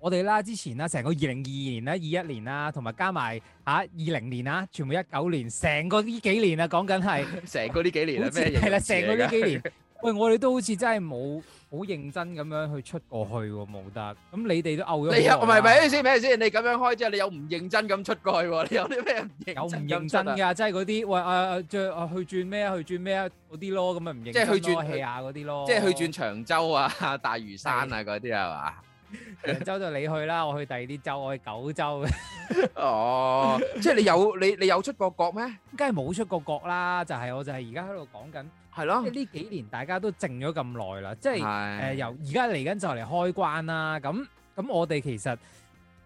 我哋啦，之前啦，成個二零二年啦，二一年啦，同埋加埋吓二零年啦，全部一九年，成個呢幾年啊，講緊係成個呢幾年，咩係啦，成個呢幾年。喂，我哋都好似真係冇好認真咁樣去出過去，冇得。咁你哋都 out 咗。你又唔係咪，係？咪先咪先？你咁樣開即係你有唔認真咁出過去？你有啲咩認有唔認真噶，即係嗰啲喂啊，去轉咩去轉咩嗰啲咯，咁咪唔認真咯？去轉氣下嗰啲咯。即係去轉長洲啊、大嶼山啊嗰啲係嘛？州就你去啦，我去第二啲州，我去九州。哦，即係你有你你有出過國咩？咁梗係冇出過國啦，就係我就係而家喺度講緊係咯。即係呢幾年大家都靜咗咁耐啦，即係誒由而家嚟緊就嚟開關啦。咁咁我哋其實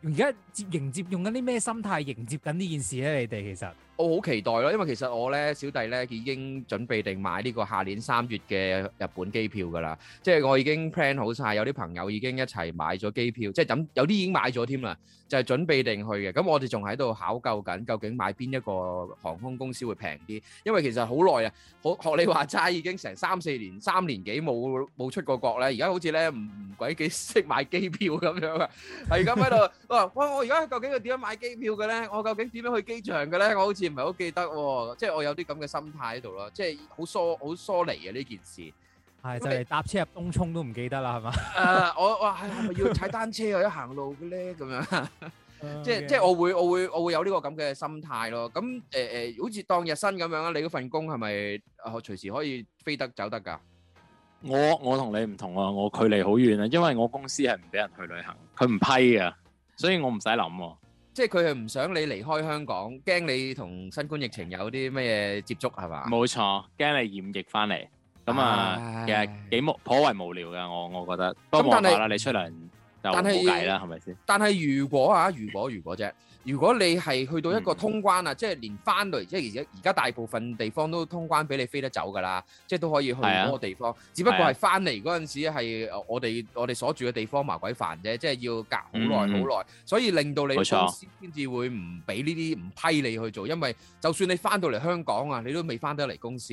用而家接迎接用緊啲咩心態迎接緊呢件事咧？你哋其實。我好期待咯，因為其實我咧小弟咧已經準備定買呢個下年三月嘅日本機票噶啦，即係我已經 plan 好晒，有啲朋友已經一齊買咗機票，即係有啲已經買咗添啦，就係準備定去嘅。咁我哋仲喺度考究緊，究竟買邊一個航空公司會平啲？因為其實好耐啊，好學你話齋已經成三四年、三年幾冇冇出過國咧，而家好似咧唔唔鬼幾識買機票咁樣啊！係咁喺度，哇哇我而家究竟要點樣買機票嘅咧？我究竟點樣去機場嘅咧？我好似～唔係好記得喎，即係我有啲咁嘅心態喺度咯，即係好疏好疏離啊呢件事，係就係搭車入東涌都唔記得啦，係嘛？我話係咪要踩單車或者行路嘅咧？咁樣即係即係我會我會我會有呢個咁嘅心態咯。咁誒誒，好似當日新咁樣啦，你嗰份工係咪隨時可以飛得走得㗎？我我同你唔同啊，我距離好遠啊，因為我公司係唔俾人去旅行，佢唔批啊，所以我唔使諗。即係佢係唔想你離開香港，驚你同新冠疫情有啲咩嘢接觸係嘛？冇錯，驚你染疫翻嚟，咁啊，唉 其實幾無頗為無聊噶，我我覺得。咁但係是啦，你出嚟就冇計啦，係咪先？吧但係如果啊，如果如果啫。如果你係去到一個通關啊，嗯、即係連翻嚟，嗯、即係而家而家大部分地方都通關俾你飛得走㗎啦，即係都可以去好多地方。嗯、只不過係翻嚟嗰陣時係我哋我哋所住嘅地方麻鬼煩啫，即係要隔好耐好耐，嗯、所以令到你先至會唔俾呢啲唔批你去做，錯因為就算你翻到嚟香港啊，你都未翻得嚟公司，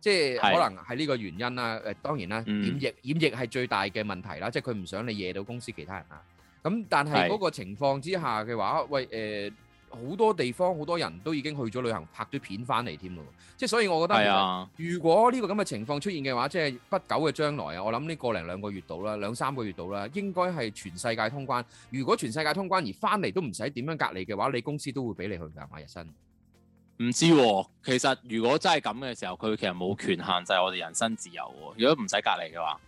即係可能係呢個原因啦。誒、呃、當然啦，染、嗯、疫染疫係最大嘅問題啦，即係佢唔想你惹到公司其他人啊。咁但係嗰個情況之下嘅話，的喂，誒、呃，好多地方好多人都已經去咗旅行拍咗片翻嚟添咯。即係所以我覺得，的如果呢個咁嘅情況出現嘅話，即、就、係、是、不久嘅將來啊，我諗呢個零兩個月到啦，兩三個月到啦，應該係全世界通關。如果全世界通關而翻嚟都唔使點樣隔離嘅話，你公司都會俾你去噶，馬日薪。唔知、啊，其實如果真係咁嘅時候，佢其實冇權限制我哋人身自由。如果唔使隔離嘅話。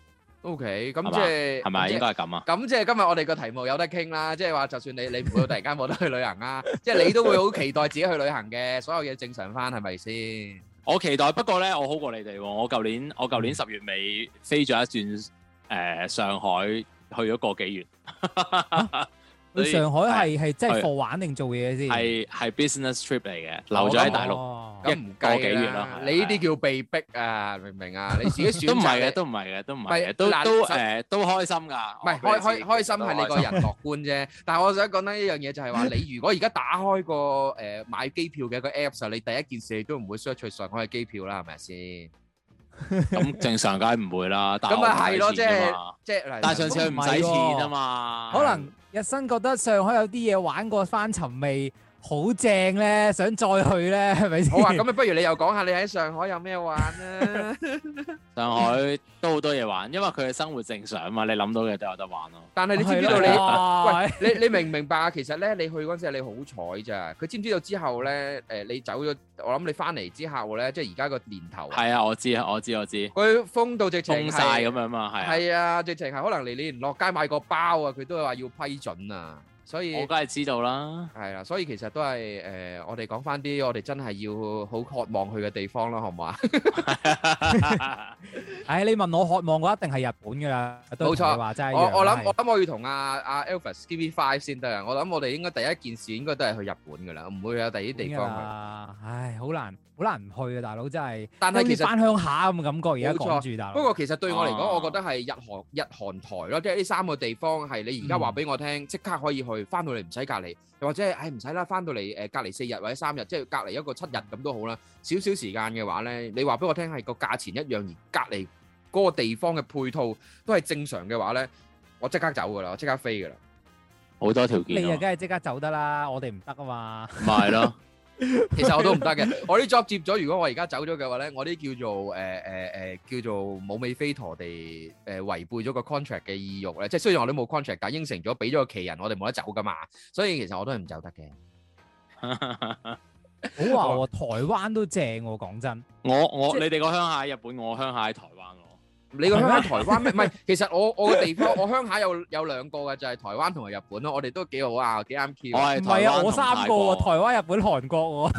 O K，咁即係是，係咪應該係咁啊？咁即係今日我哋個題目有得傾啦， 即係話就算你你唔會突然間冇得去旅行啦， 即係你都會好期待自己去旅行嘅，所有嘢正常翻係咪先？我期待，不過呢，我好過你哋喎。我舊年我舊年十月尾飛咗一轉誒、呃、上海去，去咗個幾月。你上海係係即係貨玩定做嘢先？係係 business trip 嚟嘅，留咗喺大陸唔夠幾月咯。你呢啲叫被逼啊，明唔明啊？你自己選擇都唔係嘅，都唔係嘅，都唔係嘅，都都誒都開心噶，唔係開開開心係你個人樂觀啫。但係我想講呢一樣嘢就係話，你如果而家打開個誒買機票嘅一個 app 時，你第一件事都唔會 search 去上海嘅機票啦，係咪先？咁 正常梗係唔會啦，咁咪係咯，即係即係。 但上次佢唔使錢啊嘛， 可能日新覺得上海有啲嘢玩過翻尋味。好正咧，想再去咧，係咪先？好啊，咁啊，不如你又講下你喺上海有咩玩啦？上海都好多嘢玩，因為佢嘅生活正常啊嘛，你諗到嘅都有得玩咯。但係你知唔知道你？喂，你你明唔明白啊？其實咧，你去嗰陣時你好彩咋，佢知唔知道之後咧？誒，你走咗，我諗你翻嚟之後咧，即係而家個年頭係啊，我知啊，我知我知。佢封到直情封曬咁樣啊，係啊，直情係可能嚟你連落街買個包啊，佢都係話要批准啊。所以我梗係知道啦，係啦，所以其實都係誒、呃，我哋講翻啲我哋真係要好渴望去嘅地方咯，好唔好啊？ 哎、你問我渴望我一定係日本㗎啦，冇錯。我我諗是我想要同阿、啊啊、Alvis give me five 先得啊！我諗我哋應該第一件事應該都係去日本㗎啦，唔會有第二地方去。啊、唉，好難好難唔去啊！大佬真係，但係其實你好似翻鄉下咁感覺錯。而家講不過其實對我嚟講，哦、我覺得係日韓日韓台咯，即係呢三個地方係你而家話俾我聽，即、嗯、刻可以去翻到嚟唔使隔離，或者唉唔使啦，翻、哎、到嚟隔離四日或者三日，即係隔離一個七日咁都好啦，少少時間嘅話呢，你話俾我聽係個價錢一樣而隔離。嗰個地方嘅配套都係正常嘅話咧，我即刻走噶啦，我即刻飛噶啦。好多條件我你啊，梗係即刻走得啦，我哋唔得啊嘛。唔係咯，其實我都唔得嘅。我啲 job 接咗，如果我而家走咗嘅話咧，我啲叫做誒誒誒叫做冇尾飛陀地誒、呃、違背咗個 contract 嘅意欲咧，即係雖然我哋冇 contract，但係應承咗俾咗個奇人，我哋冇得走噶嘛。所以其實我都係唔走得嘅。 好話、喎、台灣都正、喎、我講真。我我 你哋個鄉下喺日本，我鄉下喺台灣。你個鄉下台灣咩？唔係，其實我我個地方，我鄉下有有兩個嘅，就係台灣同埋日本咯。我哋都幾好啊，幾啱 key。唔係啊，我三個喎，台灣、日本、韓國喎。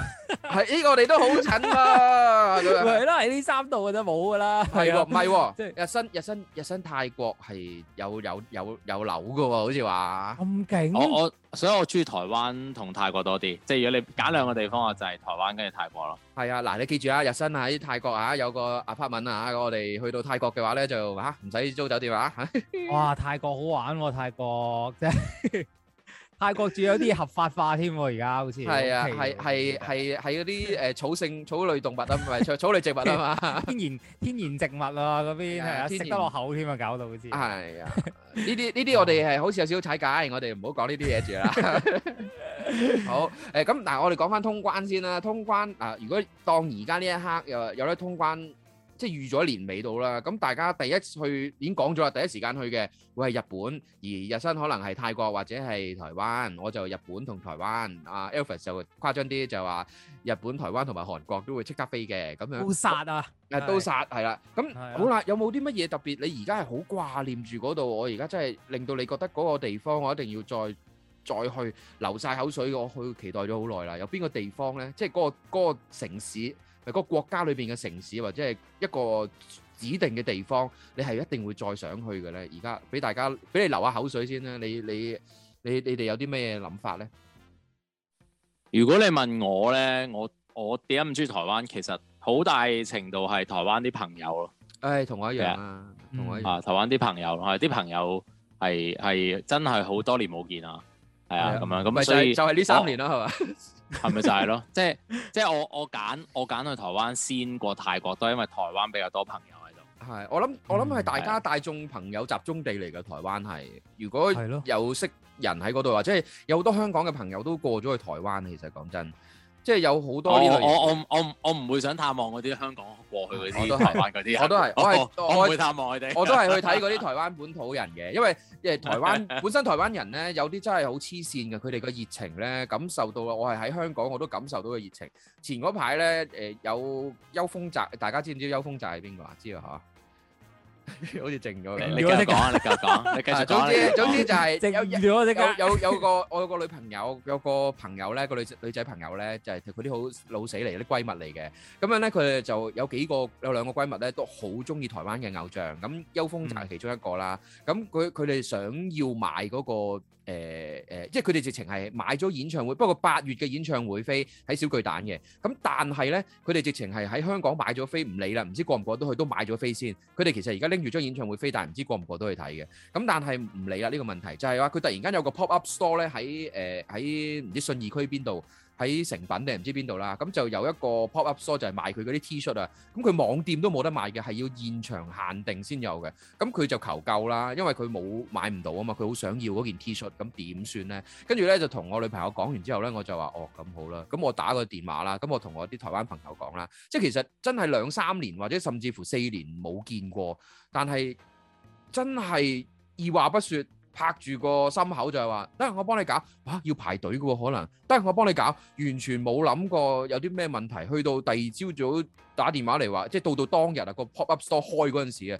係呢個我哋都好蠢啊！係啊，喺呢三度嘅都冇噶啦。係啊，唔係，即係日新、日新、日新，泰國係有有有有樓嘅喎，好似話咁勁。我我。所以我中意台灣同泰國多啲，即係如果你揀兩個地方，就是，啊，就係台灣跟住泰國咯。係啊，嗱你記住啊，日新喺泰國啊，有個 apartment 啊，我哋去到泰國嘅話咧，就嚇唔使租酒店啊！ 哇，泰國好玩喎，啊，泰國真係 ～泰國仲有啲合法化添喎，而家好似係、OK、啊，係係係係嗰啲誒草性草類動物啊，唔係草草類植物啊嘛，天然天然植物啊嗰邊係啊，食得落口添啊，然到搞到好似係啊，呢啲呢啲我哋係好似有少少踩界、 欸，我哋唔好講呢啲嘢住啦。好誒，咁嗱，我哋講返通關先啦，通關嗱、啊，如果當而家呢一刻有有得通關。即係預咗年尾到啦，咁大家第一去已經講咗啦，第一時間去嘅會係日本，而日新可能係泰國或者係台灣，我就日本同台灣。阿、啊、Alvis 就誇張啲就話日本、台灣同埋韓國都會即刻飛嘅，咁樣。都殺啊！誒，都殺係啦。咁好啦，有冇啲乜嘢特別？你而家係好掛念住嗰度？我而家真係令到你覺得嗰個地方我一定要再再去流晒口水，我去期待咗好耐啦。有邊個地方咧？即係嗰個嗰個城市。個國家裏邊嘅城市，或者係一個指定嘅地方，你係一定會再想去嘅咧。而家俾大家俾你流下口水先啦。你你你你哋有啲咩嘢諗法咧？如果你問我咧，我我點解咁中意台灣？其實好大程度係台灣啲朋友咯。唉，同我一樣啊，同我啊，台灣啲朋友，係啲朋友係係真係好多年冇見啊，係啊，咁樣咁。咪就係就係呢三年啦，係嘛？係咪，就係咯？即係即係我我揀我揀去台灣先過泰國，都係因為台灣比較多朋友喺度。係我諗我諗係大家大眾朋友集中地嚟嘅台灣，係。如果有識人喺嗰度，的或者係有好多香港嘅朋友都過咗去台灣。其實講真。即係有好多呢類嘢，我我我我唔會想探望嗰啲香港過去嗰啲台灣嗰啲 是， 我都係，我係我唔會探望佢哋，我都係去睇嗰啲台灣本土人嘅，因為誒台灣 本身台灣人咧有啲真係好黐線嘅，佢哋個熱情咧感受到啦，我係喺香港我都感受到嘅熱情。前嗰排咧誒有邱峰澤，大家知唔知邱峰澤係邊個啊？知道嚇。 好似靜咗，你繼續講啊！ 你繼續講，你繼續講。總之 總之就係有有有有個我有個女朋友有個朋友呢，個女女仔朋友呢，就係佢啲好老死嚟啲閨蜜嚟嘅，咁樣呢，佢哋就有幾個有兩個閨蜜呢，都好中意台灣嘅偶像，咁邱鋒就係其中一個啦。咁佢佢哋想要買嗰、嗰個。誒誒、呃，即係佢哋直情係買咗演唱會，不過八月嘅演唱會飛喺小巨蛋嘅，咁但係咧佢哋直情係喺香港買咗飛唔理啦，唔知過唔過得去都買咗飛先。佢哋其實而家拎住張演唱會飛，但係唔知過唔過得去睇嘅。咁但係唔理啦，呢、呢個問題就係話佢突然間有個 pop up store 咧喺誒喺唔知信義區邊度。喺成品定唔知邊度啦，咁就有一個 pop up store 就係賣佢嗰啲 T 恤啊，咁佢網店都冇得賣嘅，係要現場限定先有嘅，咁佢就求救啦，因為佢冇買唔到啊嘛，佢好想要嗰件 T 恤，咁點算呢？跟住呢，就同我女朋友講完之後呢，我就話哦，咁好啦，咁我打個電話啦，咁我同我啲台灣朋友講啦，即係其實真係兩三年或者甚至乎四年冇見過，但係真係二話不說。拍住個心口就係話，得我幫你搞，啊要排隊嘅可能，得我幫你搞，完全冇諗過有啲咩問題。去到第二朝早打電話嚟話，即係到到當日啊個 pop up store 開嗰陣時啊，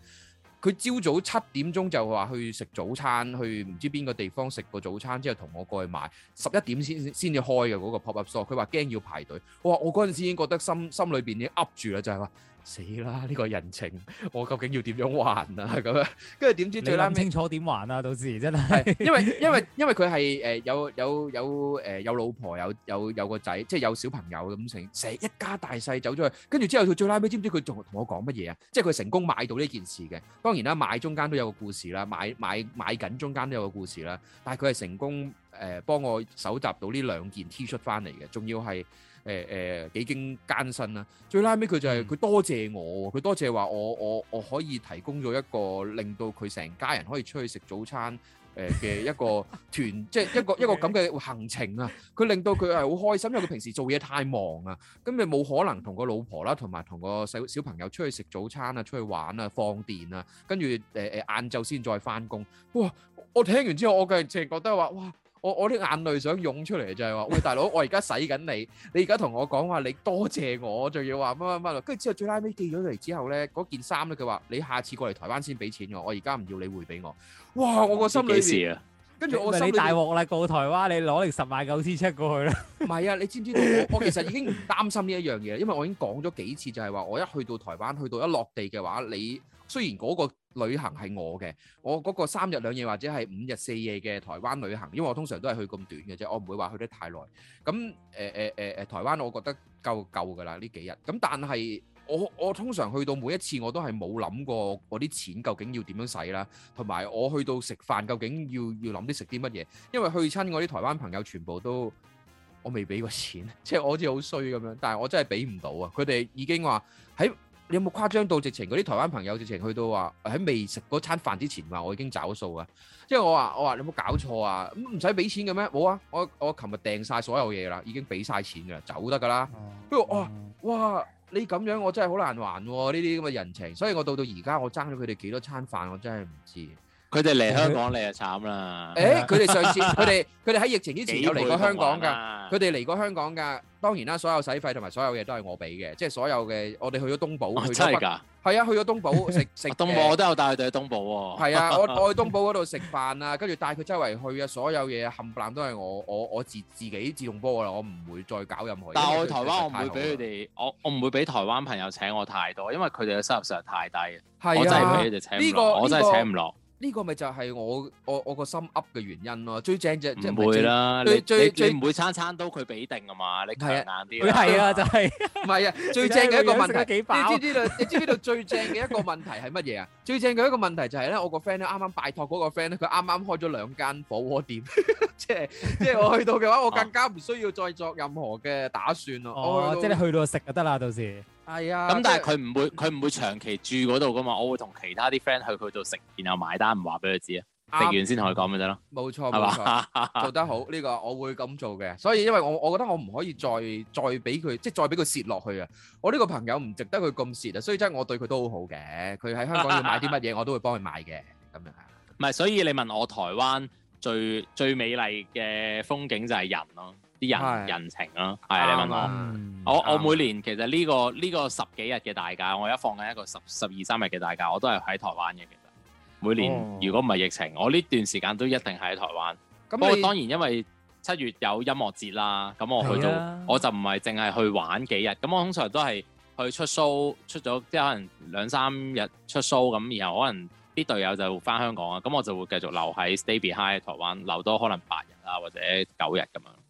佢朝早七點鐘就話去食早餐，去唔知邊個地方食個早餐之後同我過去買，十一點先先至開嘅嗰個 pop up store。佢話驚要排隊，我話我嗰陣時已經覺得心心裏邊已經噏住啦，就係話。死啦！呢、這個人情，我究竟要點樣還啊？咁樣跟住點知最尾清楚點還啊？到時真係 ，因為因為因為佢係誒有有有誒有老婆，有有有個仔，即係有小朋友咁成成一家大細走咗去。跟住之後，佢最尾知唔知佢仲同我講乜嘢啊？即係佢成功買到呢件事嘅。當然啦，買中間都有個故事啦，買買買緊中間都有個故事啦。但係佢係成功誒幫、呃、我搜集到呢兩件 T 恤翻嚟嘅，仲要係。誒誒、呃、幾經艱辛啊。最 last 尾佢就係佢多謝我，佢多、嗯、謝話我我我可以提供咗一個令到佢成家人可以出去食早餐誒嘅、呃、一個團， 即係一個一個咁嘅行程啊！佢令到佢係好開心，因為佢平時做嘢太忙啊，咁你冇可能同個老婆啦、啊，同埋同個細小朋友出去食早餐啊，出去玩啊，放電啊，跟住誒誒晏晝先再翻工。哇！我聽完之後，我係淨係覺得話哇～我我啲眼淚想湧出嚟就係話，喂，大佬，我而家使緊你，你而家同我講話你多謝我，仲要話乜乜乜，跟住之後最拉尾寄咗嚟之後咧，嗰件衫咧，佢話你下次過嚟台灣先俾錢我，我而家唔要你匯俾我。哇！我個心裏邊幾時啊？跟住我你大鑊啦，到台灣你攞嚟十萬九千七過去啦。唔 係啊，你知唔知我我？我其實已經唔擔心呢一樣嘢，因為我已經講咗幾次就，就係話我一去到台灣，去到一落地嘅話，你。雖然嗰個旅行係我嘅，我嗰個三日兩夜或者係五日四夜嘅台灣旅行，因為我通常都係去咁短嘅啫，我唔會話去得太耐。咁誒誒誒誒，台灣我覺得夠夠㗎啦呢幾日。咁但係我我通常去到每一次我都係冇諗過我啲錢究竟要點樣使啦，同埋我去到食飯究竟要要諗啲食啲乜嘢，因為去親我啲台灣朋友全部都我未俾過錢，即係我好似好衰咁樣，但係我真係俾唔到啊！佢哋已經話喺。有冇誇張到直情嗰啲台灣朋友直情去到話喺未食嗰餐飯之前話我已經找數啊？即係我話我話你有冇搞錯啊？唔使俾錢嘅咩？冇啊！我我琴日訂曬所有嘢啦，已經俾曬錢㗎啦，走得㗎啦。不過我話哇，你咁樣我真係好難還喎呢啲咁嘅人情，所以我到到而家我爭咗佢哋幾多餐飯，我真係唔知道。佢哋嚟香港你就慘啦！誒，佢哋上次佢哋佢哋喺疫情之前有嚟過香港㗎，佢哋嚟過香港㗎。當然啦，所有使費同埋所有嘢都係我俾嘅，即係所有嘅我哋去咗東寶。真係㗎！係啊，去咗東寶食食東寶，我都有帶佢哋去東寶喎。係啊，我我去東寶嗰度食飯啊，跟住帶佢周圍去啊，所有嘢冚唪唥都係我我我自自己自動波㗎啦，我唔會再搞任何嘢。但係去台灣，我唔會俾佢哋，我我唔會俾台灣朋友請我太多，因為佢哋嘅收入實在太低。係啊，呢個呢個。呢個咪就係我我我個心 up 嘅原因咯，最正啫，唔會啦，你最最唔會餐餐都佢俾定啊嘛，你硬啲，佢係啊就係，唔係啊，最正嘅一個問題，你知唔知道？你知唔知道最正嘅一個問題係乜嘢啊？最正嘅一個問題就係咧，我個 friend 咧啱啱拜託嗰個 friend 咧，佢啱啱開咗兩間火鍋店，即係即係我去到嘅話，我更加唔需要再作任何嘅打算咯。哦，即係你去到食就得啦，到時。係啊，咁、嗯、但係佢唔會，佢唔會長期住嗰度噶嘛。我會同其他啲 friend 去佢度食，然後買單，唔話俾佢知啊。食完先同佢講咪得咯。冇錯，冇錯， 做得好呢、呢個，我會咁做嘅。所以因為我，我覺得我唔可以再再俾佢，即係再俾佢蝕落去啊。我呢個朋友唔值得佢咁蝕啊。所以真係我對佢都好好嘅。佢喺香港要買啲乜嘢， 我都會幫佢買嘅。咁樣啊，唔係，所以你問我台灣最最美麗嘅風景就係人咯。啲人的人情啦，係啊，的的你問我，的我我每年其實呢個呢個十幾日嘅大假，我一放緊一個十十二三日嘅大假，我都係喺台灣嘅。其實每年、哦、如果唔係疫情，我呢段時間都一定喺台灣。不過你當然因為七月有音樂節啦，咁我去到的我就唔係淨係去玩幾日。咁我通常都係去出 show 出咗，即係可能兩三日出 show 咁，然後可能啲隊友就翻香港啊，咁我就會繼續留喺 Stay High 台灣留多可能八日啊或者九日咁樣。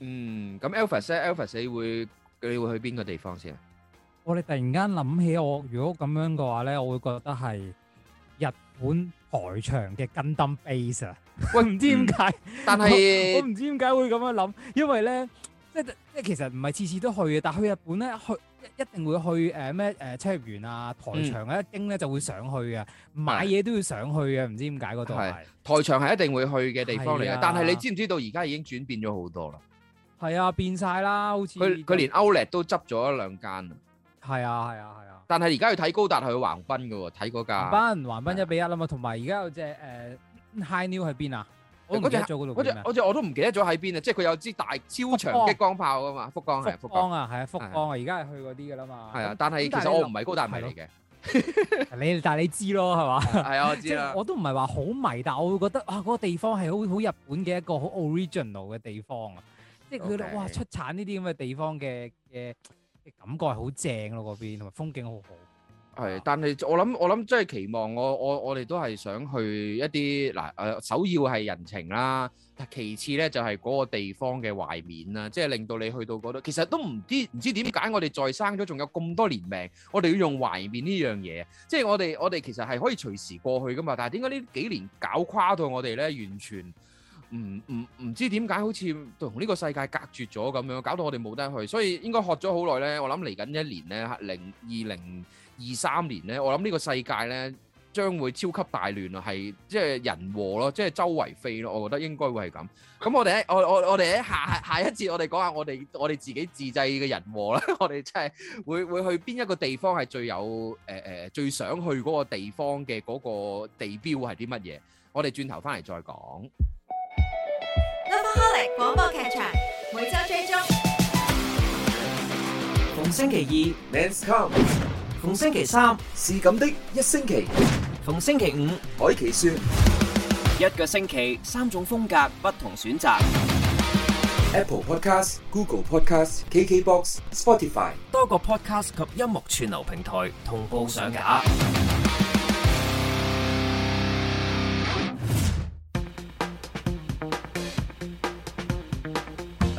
嗯，咁 Alvis 咧，Alvis 你會你會去邊個地方先啊？我哋突然間諗起，我如果咁樣嘅話咧，我會覺得係日本台場嘅 Gundam Base 啊！喂，唔知點解？但係我唔知點解會咁樣諗，因為咧，即即其實唔係次次都去嘅，但去日本咧，去一定會去誒咩誒，秋葉原啊、台場啊一經咧就會上去嘅，買嘢都要上去嘅，唔知點解，嗰度係台場係一定會去嘅地方嚟嘅，但係你知唔知道而家已經轉變咗好多啦？係啊，變晒啦，好似佢佢連歐力都執咗一兩間。係啊，係啊，係啊。但係而家要睇高達去橫濱噶喎，睇嗰架。橫濱，橫濱一比一啦嘛。同埋而家有隻誒 High New 喺邊啊？我唔記得咗嗰度叫咩。我都唔記得咗喺邊啊！即係佢有支大超長激光炮啊嘛？福岡係福岡啊，係啊，福岡啊，而家係去嗰啲噶啦嘛。係啊，但係其實我唔係高達迷嚟嘅。你但係你知咯，係嘛？係啊，我知啦。我都唔係話好迷，但我會覺得啊，嗰個地方係好好日本嘅一個好 original 嘅地方啊。即係佢覺得，Okay. 哇！出產呢啲咁嘅地方嘅嘅感覺係好正咯，嗰邊同埋風景好好。係的，嗯、但係我諗我諗，真係期望我我我哋都係想去一啲嗱誒，首要係人情啦，但其次咧就係嗰個地方嘅懷緬啦，即係令到你去到嗰度，其實都唔知唔知點解我哋再生咗仲有咁多年命，我哋要用懷緬呢樣嘢，即係我哋我哋其實係可以隨時過去噶嘛，但係點解呢幾年搞垮到我哋咧，完全？唔唔唔知點解好似同呢個世界隔絕咗咁樣，搞到我哋冇得去，所以應該學咗好耐咧。我諗嚟緊一年咧，零二零二三年咧，我諗呢個世界咧將會超級大亂啊！係即係人禍咯，即係周圍飛咯，我覺得應該會係咁。咁我哋，我我我哋喺下下一節，我哋講下我哋我哋自己自製嘅人禍啦。 我哋即係會會去邊一個地方係最有誒誒最想去嗰個地方嘅嗰個地標係啲乜嘢？我哋轉頭翻嚟再講。廣播劇場，每周追蹤，逢星期二 Men's Come，逢星期三是咁的一星期，逢星期五海奇說，一個星期三種風格不同選擇，Apple Podcast、Google Podcast、KKBox、Spotify 多個 podcast 及音樂串流平台同步上架。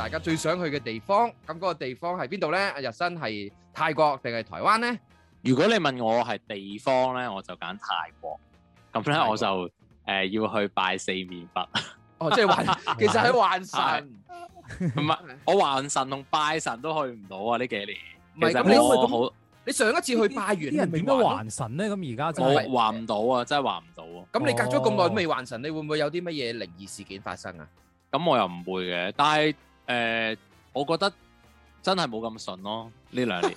大家最想去嘅地方，咁嗰個地方係邊度咧？日新係泰國定係台灣咧？如果你問我係地方咧，我就揀泰國。咁咧我就誒要去拜四面佛。哦，即係還，其實係還神。唔係，我還神同拜神都去唔到啊！呢幾年，唔係咁，你去咁好。你上一次去拜完啲人點解還神咧？咁而家就還唔到啊！真係還唔到啊。咁你隔咗咁耐未還神，你會唔會有啲乜嘢靈異事件發生啊？咁我又唔會嘅，但係。誒，我覺得真係冇咁順咯，呢兩年。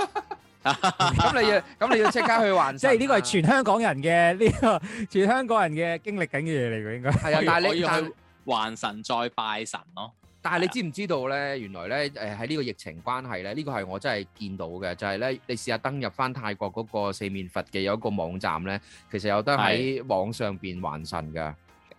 咁你要，咁你要即刻去還神，即係呢個係全香港人嘅呢個全香港人嘅經歷緊嘅嘢嚟㗎，應該係啊。但係你要去還神再拜神咯。但係你知唔知道咧？原來咧，誒，喺呢個疫情關係咧，呢個係我真係見到嘅，就係咧，你試下登入翻泰國嗰個四面佛嘅有一個網站咧，其實有得喺網上邊還神㗎。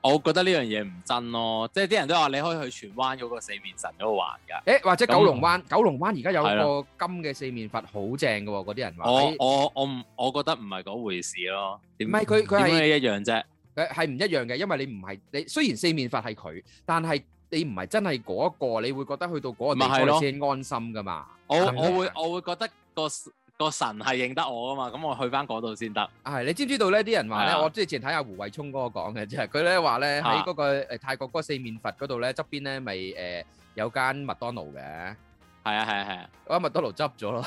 我覺得呢樣嘢唔真咯。哦，即係啲人都話你可以去荃灣嗰個四面神嗰度玩㗎。誒、欸、或者九龍灣，那九龍灣而家有個金嘅四面佛，哦，好正嘅喎，嗰啲人話。我我我唔，我覺得唔係嗰回事咯。唔係佢佢係一樣啫？係係唔一樣嘅，因為你唔係你雖然四面佛係佢，但係你唔係真係嗰一個，你會覺得去到嗰個地方你先安心㗎嘛。吧我我會我會覺得、那個。個神係認得我啊嘛，咁我去翻嗰度先得。係、啊，你知唔知道呢啲人話咧，啊、我之前睇下胡慧聰哥講嘅啫，佢咧話咧喺嗰個泰國嗰四面佛嗰度咧側邊咧咪誒有間麥當勞嘅，係啊係啊係啊，啊啊我喺麥當勞執咗咯。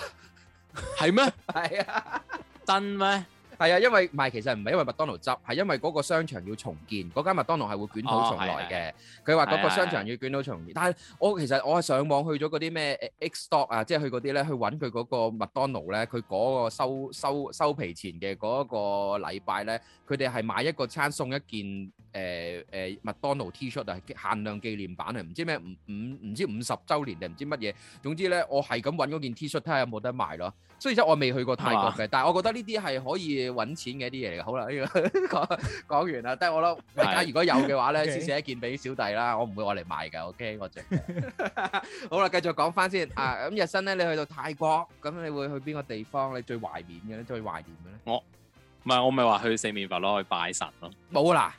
係 咩嗎？係 啊，真咩？係啊，因為唔係，其實唔係因為麥當勞執，係因為嗰個商場要重建，嗰間麥當勞係會捲土重來嘅。佢話嗰個商場的要捲土重來。的但係我其實我係上網去咗嗰啲咩 X Store 啊，即係去嗰啲咧，去揾佢嗰個麥當勞咧，佢嗰個收收收皮前嘅嗰個禮拜咧，佢哋係買一個餐送一件誒誒、呃呃、麥當勞 T-shirt 啊，irt，限量紀念版啊，唔知咩五五唔知五十週年定唔知乜嘢。總之咧，我係咁揾嗰件 T-shirt 睇下有冇得賣咯。雖則我未去過泰國嘅，的但係我覺得呢啲係可以。搵錢嘅一啲嘢嚟嘅，好啦，呢個講講完啦，得我咯。大家如果有嘅話咧，先寫 一件俾小弟啦，我唔會攞嚟賣噶，OK，我淨。 好啦，繼續講翻先。啊，咁日新咧，你去到泰國，咁你會去邊個地方？你最懷念嘅咧，最懷念嘅咧？我唔係，我咪話去四面佛咯，去拜神咯。冇啦。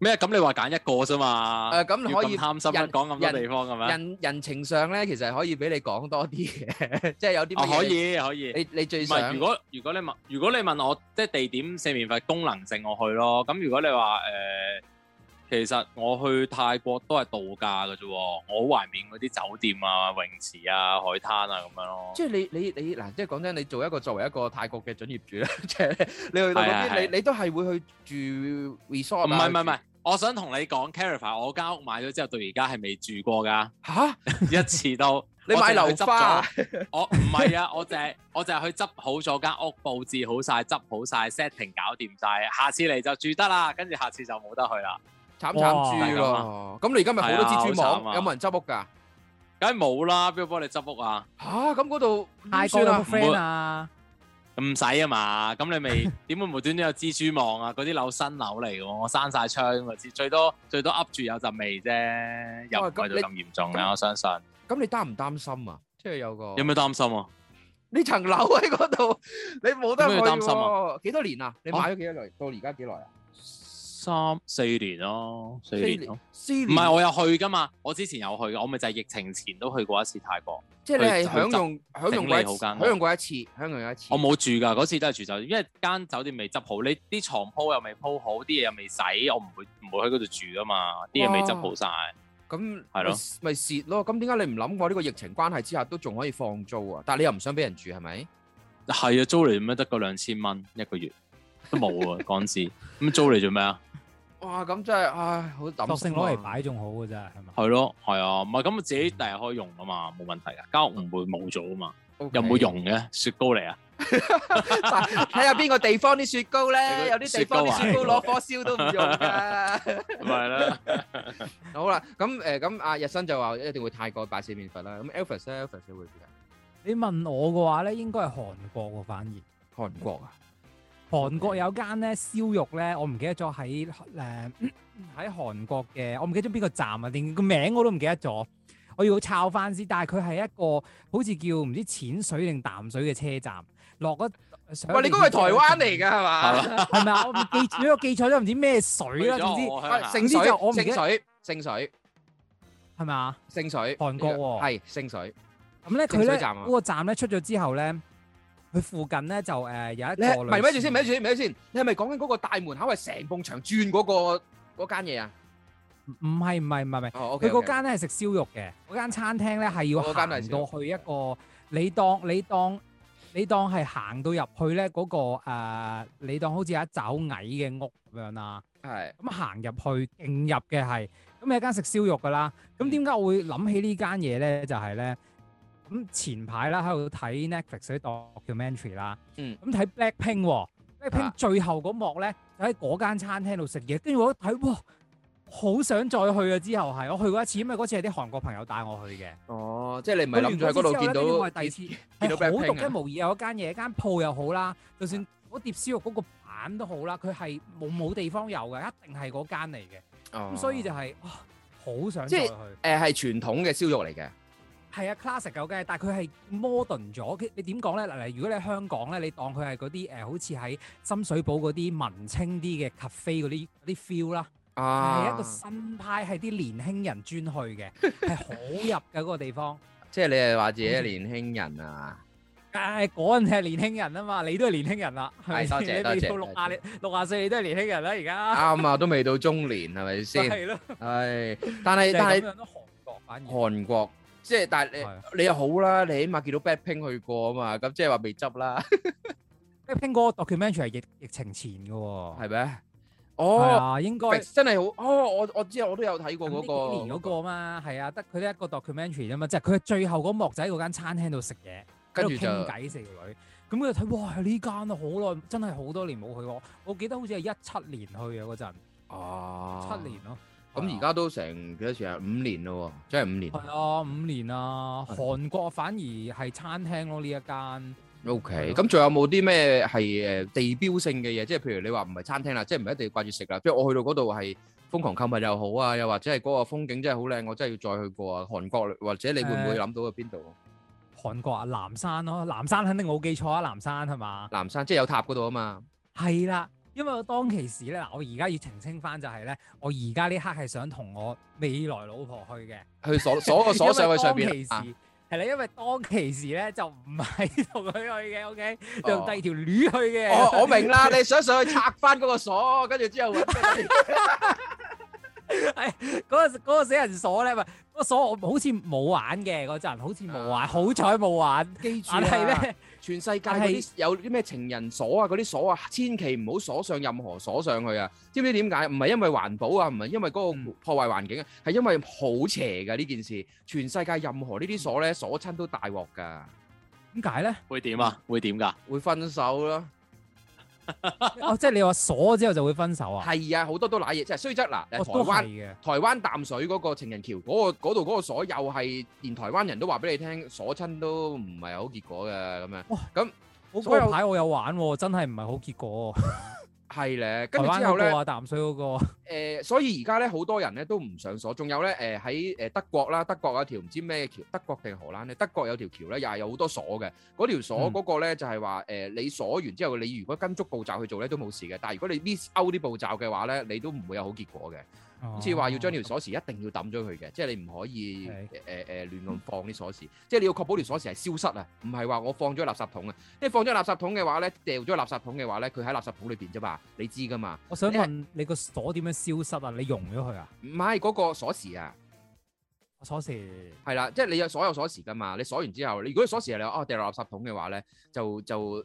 咩？咁你話揀一個啫嘛？誒，咁可以。貪心，講咁多地方係咪？人人情上咧，其實可以俾你講多啲嘅，即係有啲。可以，可以。你你最想？唔係，如果如果你問，如果你問我，即係地點四面佛功能性，我去咯。咁如果你話誒。其實我去泰國都係度假嘅啫，我好懷念嗰啲酒店啊、泳池啊、海灘啊咁樣咯。即係你你你嗱，即係講真，你做一個作為一個泰國嘅準業主咧，即 係你去到嗰啲是，你你都係會去住 resort、啊。唔係唔係唔係，我想同你講，Carifa， 我間屋買咗之後，到而家係未住過噶。吓、啊？一次都， 你買樓執 啊？我唔係啊，我淨係我淨係去執好咗間屋，佈置好晒，執好晒 setting，搞掂晒。下次嚟就住得啦，跟住下次就冇得去啦。慘慘豬咯，咁你而家咪好多蜘蛛網，有冇人執屋噶？梗係冇啦，邊個幫你執屋啊？吓，咁嗰度太高啦，friend 啊，唔使啊嘛，咁你咪點會無端端有蜘蛛網啊？嗰啲樓，新樓嚟嘅，我閂晒窗，最多最多噏住有陣味啫，又唔會到咁嚴重嘅，我相信。咁你擔唔擔心啊？即係有個有咩擔心啊？呢層樓喺嗰度，你冇得去。有冇擔心啊？幾多年啊？你買咗幾多耐？到而家幾耐啊？三四年咯，四年，四年，唔係我有去噶嘛？我之前有去，我咪就係疫情前都去過一次泰國。即係你係享用享用過，享用過一次，享用過一次。我冇住噶，嗰次都係住酒店，因為間酒店未執好，你啲床鋪又未鋪好，啲嘢又未洗，我唔會唔會喺嗰度住噶嘛？啲嘢未執好晒，咁係咯，咪蝕咯？咁點解你唔諗過呢個疫情關係之下都仲可以放租啊？但係你又唔想俾人住係咪？係啊，租嚟做咩？得個兩千蚊一個月都冇啊，嗰陣時咁租嚟做咩啊？哇，咁真係，唉，好抌，特性攞嚟擺仲好嘅啫，係嘛？係咯，係啊，唔係咁自己第日可以用啊嘛，冇問題噶，膠唔會冇咗啊嘛，有冇用嘅雪糕嚟啊？睇下邊個地方啲雪糕咧，有啲地方啲雪糕攞火燒都唔用噶，咪係啦。好啦，咁誒，咁阿日新就話一定會泰國拜四面佛啦。咁 Alvis 咧，Alvis 會點？你問我嘅話咧，應該係韓國喎，反而韓國啊。韓國有間咧燒肉咧，我唔記得咗喺誒喺韓國嘅，我唔記得咗邊個站啊，連個名我都唔記得咗，我要抄翻先。但係佢係一個好似叫唔知淺水定淡水嘅車站，落嗰。喂，你嗰個係台灣嚟㗎係嘛？係咪啊？我唔記，我記錯咗，唔知咩水啦，總之聖水，我唔記得聖水，聖水係咪啊？聖水韓國喎，係聖水。咁咧佢咧嗰個站咧出咗之後咧。佢附近咧就誒、呃、有一個，唔係咪住先，咪住先，咪住先。你係咪講緊嗰個大門口係成棟牆轉嗰，那個嗰間嘢啊？唔係唔係唔係唔係，佢嗰，哦 okay，間咧係食燒肉嘅嗰間餐廳咧，係要行到去一個。你當你當你當係行到入去咧嗰，那個，呃、你當好似有一走矮嘅屋咁樣啦。係是。咁行入去，勁入嘅係咁有一間食燒肉噶啦。咁點解我會諗起間呢間嘢咧？就係、是、咧。咁前排啦，喺度睇 Netflix 啲 documentary 啦，咁睇《Black Pink》《Black Pink》最後嗰幕咧，就喺嗰間餐廳度食嘢，跟住我一睇，哇！好想再去啊！之後係，我去過一次，因為嗰次係啲韓國朋友帶我去嘅。哦，即係你唔係諗住喺嗰度見到。第二次係好獨一無二，有一間嘢，一間鋪又好啦，就算嗰碟燒肉嗰個板都好啦，佢係冇冇地方有嘅，一定係嗰間嚟嘅。哦，咁所以就係哇，好想再去。誒係傳統嘅燒肉嚟嘅。係啊，classic 有嘅，但係佢係 modern 咗。佢你點講咧？嗱嗱，如果你喺香港咧，你當佢係嗰啲誒，好似喺深水埗嗰啲文青啲嘅 cafe 嗰啲啲 feel 啦，係一個新派，係啲年輕人專去嘅，係好入嘅嗰個地方。即係你係話自己年輕人啊？誒，嗰陣係年輕人啊嘛，你都係年輕人啦，係咪？多謝多謝。你到六廿六廿四，你都係年輕人啦，而家啱啊，都未到中年係咪先？係咯。係，但係但係。韓國反而。韓國。即係，但係你你又好啦，你起碼見到 backping 去過啊嘛，咁即係話未執啦。backping 嗰、那個 documentary 係疫疫情前噶喎，係咪、啊哦？哦，應該真係好哦，我我知，我都有睇過嗰、那個。嗰個嘛，係啊、那個，得佢得一個 documentary 啊嘛，即係佢最後嗰幕仔嗰間餐廳度食嘢，跟住傾偈四個女，咁佢就睇哇呢間好耐，真係好多年冇去過。我記得好似係一七年去啊，嗰陣，哦，七年咯。咁而家都成幾多時五年咯喎、哦，即係五年。係啊，五年啊，韓國反而係餐廳咯呢的一間。O K，咁仲有冇啲咩係誒地標性嘅嘢？即、就、係、是、譬如你話唔係餐廳啦，即係唔係一定要掛住食啦。即、就、係、是、我去到嗰度係瘋狂購物又好啊，又或者係嗰個風景真係好靚，我真係要再去過啊。韓國或者你會唔會諗到去邊度？韓國啊，南山咯、啊，南山肯定冇記錯啊，南山係嘛？南山即係有塔嗰度啊嘛。係啦。因為我當其時咧，嗱，我而家要澄清翻就係咧，我而家呢刻係想同我未來老婆去嘅，去鎖鎖個鎖上去上邊其時。係啦，因為當其時咧 就唔係同佢去嘅，OK，oh. 用第二條女去嘅。Oh, 我明啦，你想上去拆翻嗰個鎖，跟住之後係嗰個嗰、嗰個死人鎖咧，咪、嗰、嗰、個、鎖我好似冇玩嘅嗰陣，好似冇玩，oh. 好彩冇玩。記住。 全世界有啲咩情人鎖啊，嗰啲鎖啊，千祈唔好鎖上任何鎖上去啊！知唔知點解？唔係因為環保啊，唔係因為嗰個破壞環境啊，係、嗯、因為好邪噶呢件事。全世界任何呢啲鎖咧鎖親都大鑊噶。點解咧？會點啊？會點噶？會分手囉、啊！ 哦，即係你話鎖之後就會分手啊？係啊，好多都瀨嘢，即係雖則嗱，哦、台灣灣台灣淡水嗰個情人橋嗰、嗰度嗰個、哦、那鎖又係連台灣人都話俾你聽，鎖親都唔係好結果嘅咁樣。哇，咁我嗰排我有玩，啊，真係唔係好結果，啊。 係咧，跟住之後咧，淡水嗰個、呃，所以而家咧，好多人咧都唔上鎖，仲有咧，喺、呃、德國啦，德國有一條唔知咩橋，德國定荷蘭，德國有條橋咧，又係有好多鎖嘅，嗰條鎖嗰個咧、嗯、就係話、呃，你鎖完之後，你如果跟足步驟去做咧，都冇事嘅，但係如果你 miss out 啲步驟嘅話呢，你都唔會有好結果嘅。好似話要將條鎖匙一定要抌咗佢嘅，哦、即係你唔可以誒誒、嗯呃、亂亂放啲鎖匙，嗯、即係你要確保條鎖匙係消失啊，唔係話我放咗垃圾桶啊，即係放咗垃圾桶嘅話咧，掉咗垃圾桶嘅話咧，佢喺垃圾筒裏邊啫嘛，你知噶嘛？我想問你個是鎖點樣消失啊？你溶咗佢啊？唔係嗰個鎖匙啊。鎖匙係啦，即係你有所有鎖匙噶嘛？你鎖完之後，你如果鎖匙係你哦掉落垃圾桶嘅話咧，就就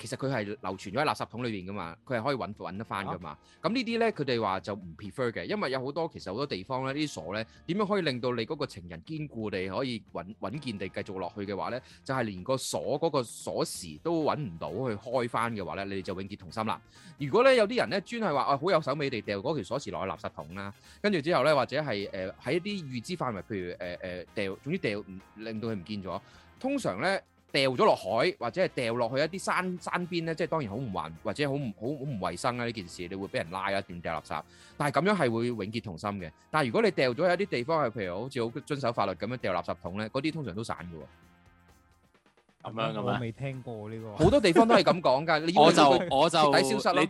其實佢係流傳咗喺垃圾桶裏邊噶嘛，佢係可以揾揾得翻噶嘛。咁呢啲咧，佢哋話就唔 prefer 嘅，因為有好多其實好多地方咧，鎖呢啲鎖咧點樣可以令到你嗰個情人堅固地可以穩穩健地繼續落去嘅話咧，就係連鎖個鎖嗰個鎖匙都揾唔到去開翻嘅話咧，你哋就永結同心啦。如果咧有啲人咧專係話啊，好有手尾地掉嗰條鎖匙落去垃圾桶啦，跟住之後咧或者係誒喺一啲預知範圍。咪譬如誒誒掉，總之掉，令到佢唔見咗。通常咧，掉咗落海或者係掉落去一啲山山邊咧，即係當然好唔環或者好唔好唔衛生啊！呢件事你會俾人拉啊，點掉垃圾。但係咁樣係會永結同心嘅。但係如果你掉咗一啲地方係，譬如好似好遵守法律咁樣掉垃圾桶咧，嗰啲通常都散嘅。咁樣噶咩？我未聽過呢個，好多地方都係咁講噶。我就我就，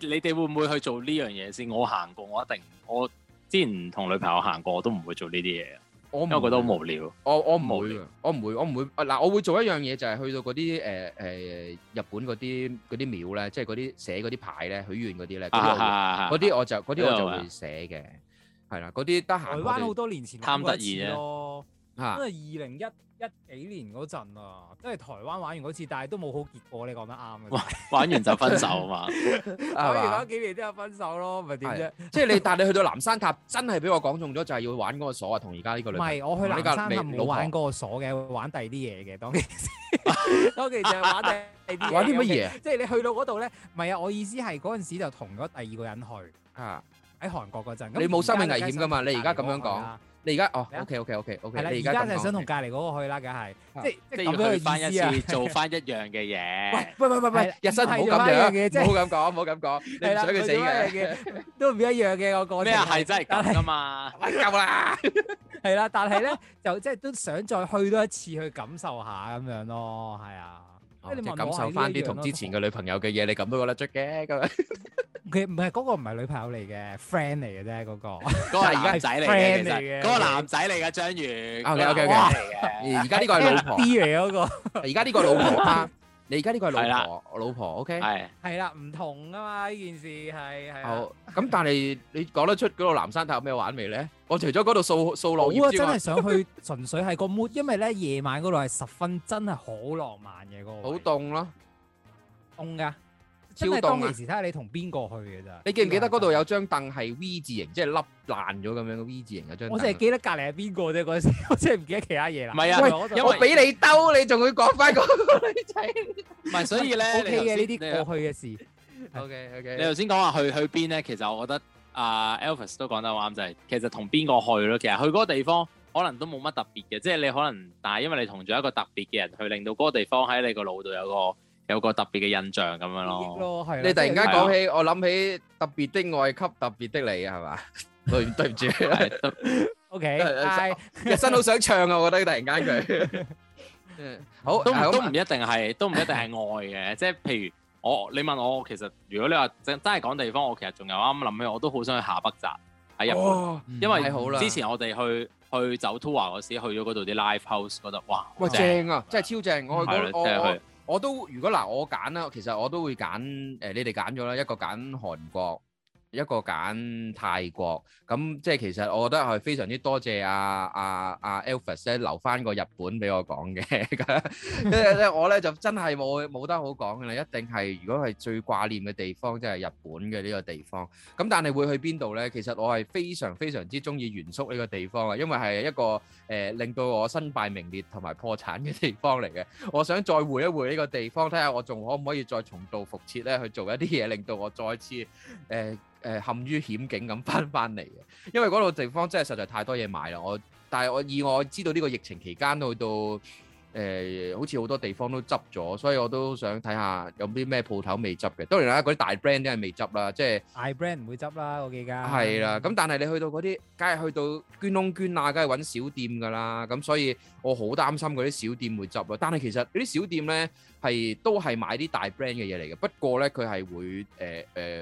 你你哋會唔會去做呢樣嘢先？我行過，我一定。我之前同女朋友行過，我都唔會做呢啲嘢。我唔覺得好無聊，我我唔會，聊會，我唔會，我唔會，嗱，我會做一樣嘢就係、是、去到啲誒誒日本啲啲廟咧，即係啲寫啲牌咧，許願啲咧，啲我、啊啊、我就啲、啊啊、我就會寫嘅，係啦、啊，啲得閒台灣好、啊、多年前貪得意咯，貪得 些啊，因為二零一。 一幾年嗰陣啊，即係台灣玩完嗰次，但係都冇好結果。你講得啱啊，玩完就分手啊嘛，玩完玩幾年都有分手咯，咪點啫？即係你但係你去到南山塔真係俾我講中咗，就係要玩嗰個鎖啊，同而家呢個女唔係，我去南山塔冇玩嗰個鎖嘅，玩第二啲嘢嘅，當其時當其時玩啲乜嘢？即係你去到嗰度咧，唔係啊！我意思係嗰陣時就同咗第二個人去啊。喺韓國嗰陣，你冇生命危險噶嘛？你而家咁樣講。你而家哦，OK OK OK OK，你而家就係想同隔離嗰個去啦，梗係即係即係咁樣嘅意思啊！去翻一次，做翻一樣嘅嘢，喂喂喂喂，日新唔好咁樣，唔好咁講，唔好咁講，你唔想佢死嘅，都唔一樣嘅我講。咩啊？係真係咁噶嘛？夠啦！係啦，但係咧就即係都想再去多一次去感受下咁樣咯，係啊。感受翻啲同之前嘅女朋友嘅嘢，你咁都覺得出嘅咁。佢唔係嗰個唔係女朋友嚟嘅，friend 嚟嘅啫嗰個。嗰個男仔嚟嘅，嗰個男仔嚟嘅章魚。OK OK OK 嚟嘅。而家呢個係老婆嚟嗰個。而家呢個老婆啊。你而家呢個係老婆的老婆，OK？係係啦，唔同啊嘛！呢件事係係。好，咁，的但係你講得出嗰度南山塔有咩玩味咧？我除咗嗰度掃掃落葉之外，啊、真係想去，純粹係個 moon， 因為咧夜晚嗰度係十分真係好浪漫嘅、個。好凍咯，凍㗎。超，當其時睇下你同邊個去嘅咋？你記唔記得嗰度有張凳係 V 字形，即係凹爛咗咁樣嘅 V 字形嘅張。我凈係記得隔離係邊個啫，嗰陣時我真係唔記得其他嘢啦。唔係啊，有冇喂我俾你兜， 你仲要講翻嗰個女仔。唔係， 所以咧，OK 嘅呢啲過去嘅事。你 OK OK。 你頭先講話去去邊咧？其實我覺得阿、uh, Alvis 都講得好啱，就係其實同邊個去咯。其實去嗰個地方可能都冇乜特別嘅，即係你可能，但係因為你同咗一個特別嘅人，去令到嗰個地方喺你個腦度有個。有個特別嘅印象咁樣咯，你突然間講起，我諗起特別的愛，給特別的你啊，係嘛？對對唔住，OK，日新好想唱啊，我覺得突然間佢，嗯，好都都唔一定係，都唔一定係愛嘅，即係譬如我，你問我，其實如果你話真真係講地方，我其實仲有啱諗起，我都好想去下北澤喺日本，因為之前我哋去去走 tour 嗰時，去咗嗰度啲 live house，覺得哇，哇正啊，真係超正，我去過，我。我都如果嗱、啊，我揀啦，其實我都會揀誒、呃，你哋揀咗啦，一個揀韓國，一個揀泰國，咁即係其實我覺得係非常之多謝阿阿阿 Alvis 咧留翻個日本俾我講嘅，咁咧我咧就真係冇冇得好講嘅啦，一定係如果係最掛念嘅地方，即係日本嘅呢個地方。咁但係會去邊度咧？其實我係非常非常之中意原宿呢個地方啊，因為係一個誒令到我身敗名裂同埋破產嘅地方嚟嘅。我想再回一回呢個地方，睇下我仲可唔可以再重蹈覆轍咧去做一啲嘢，令到我再次誒。誒陷於險境，咁翻翻嚟嘅，因為嗰度地方真係實在太多嘢買啦。我，但係我以我知道呢個疫情期間去到。誒、呃，好似好多地方都執咗，所以我都想睇下有啲咩鋪頭未執嘅。當然啦，嗰啲大 brand 都係未執啦，即係大 brand 唔會執啦，我記得。係啦，咁但係你去到嗰啲，梗係去到捐窿捐罅，梗係揾小店㗎啦。咁所以我好擔心嗰啲小店會執啊。但係其實嗰啲小店咧係都係買啲大 brand 嘅嘢嚟嘅，不過咧佢係會誒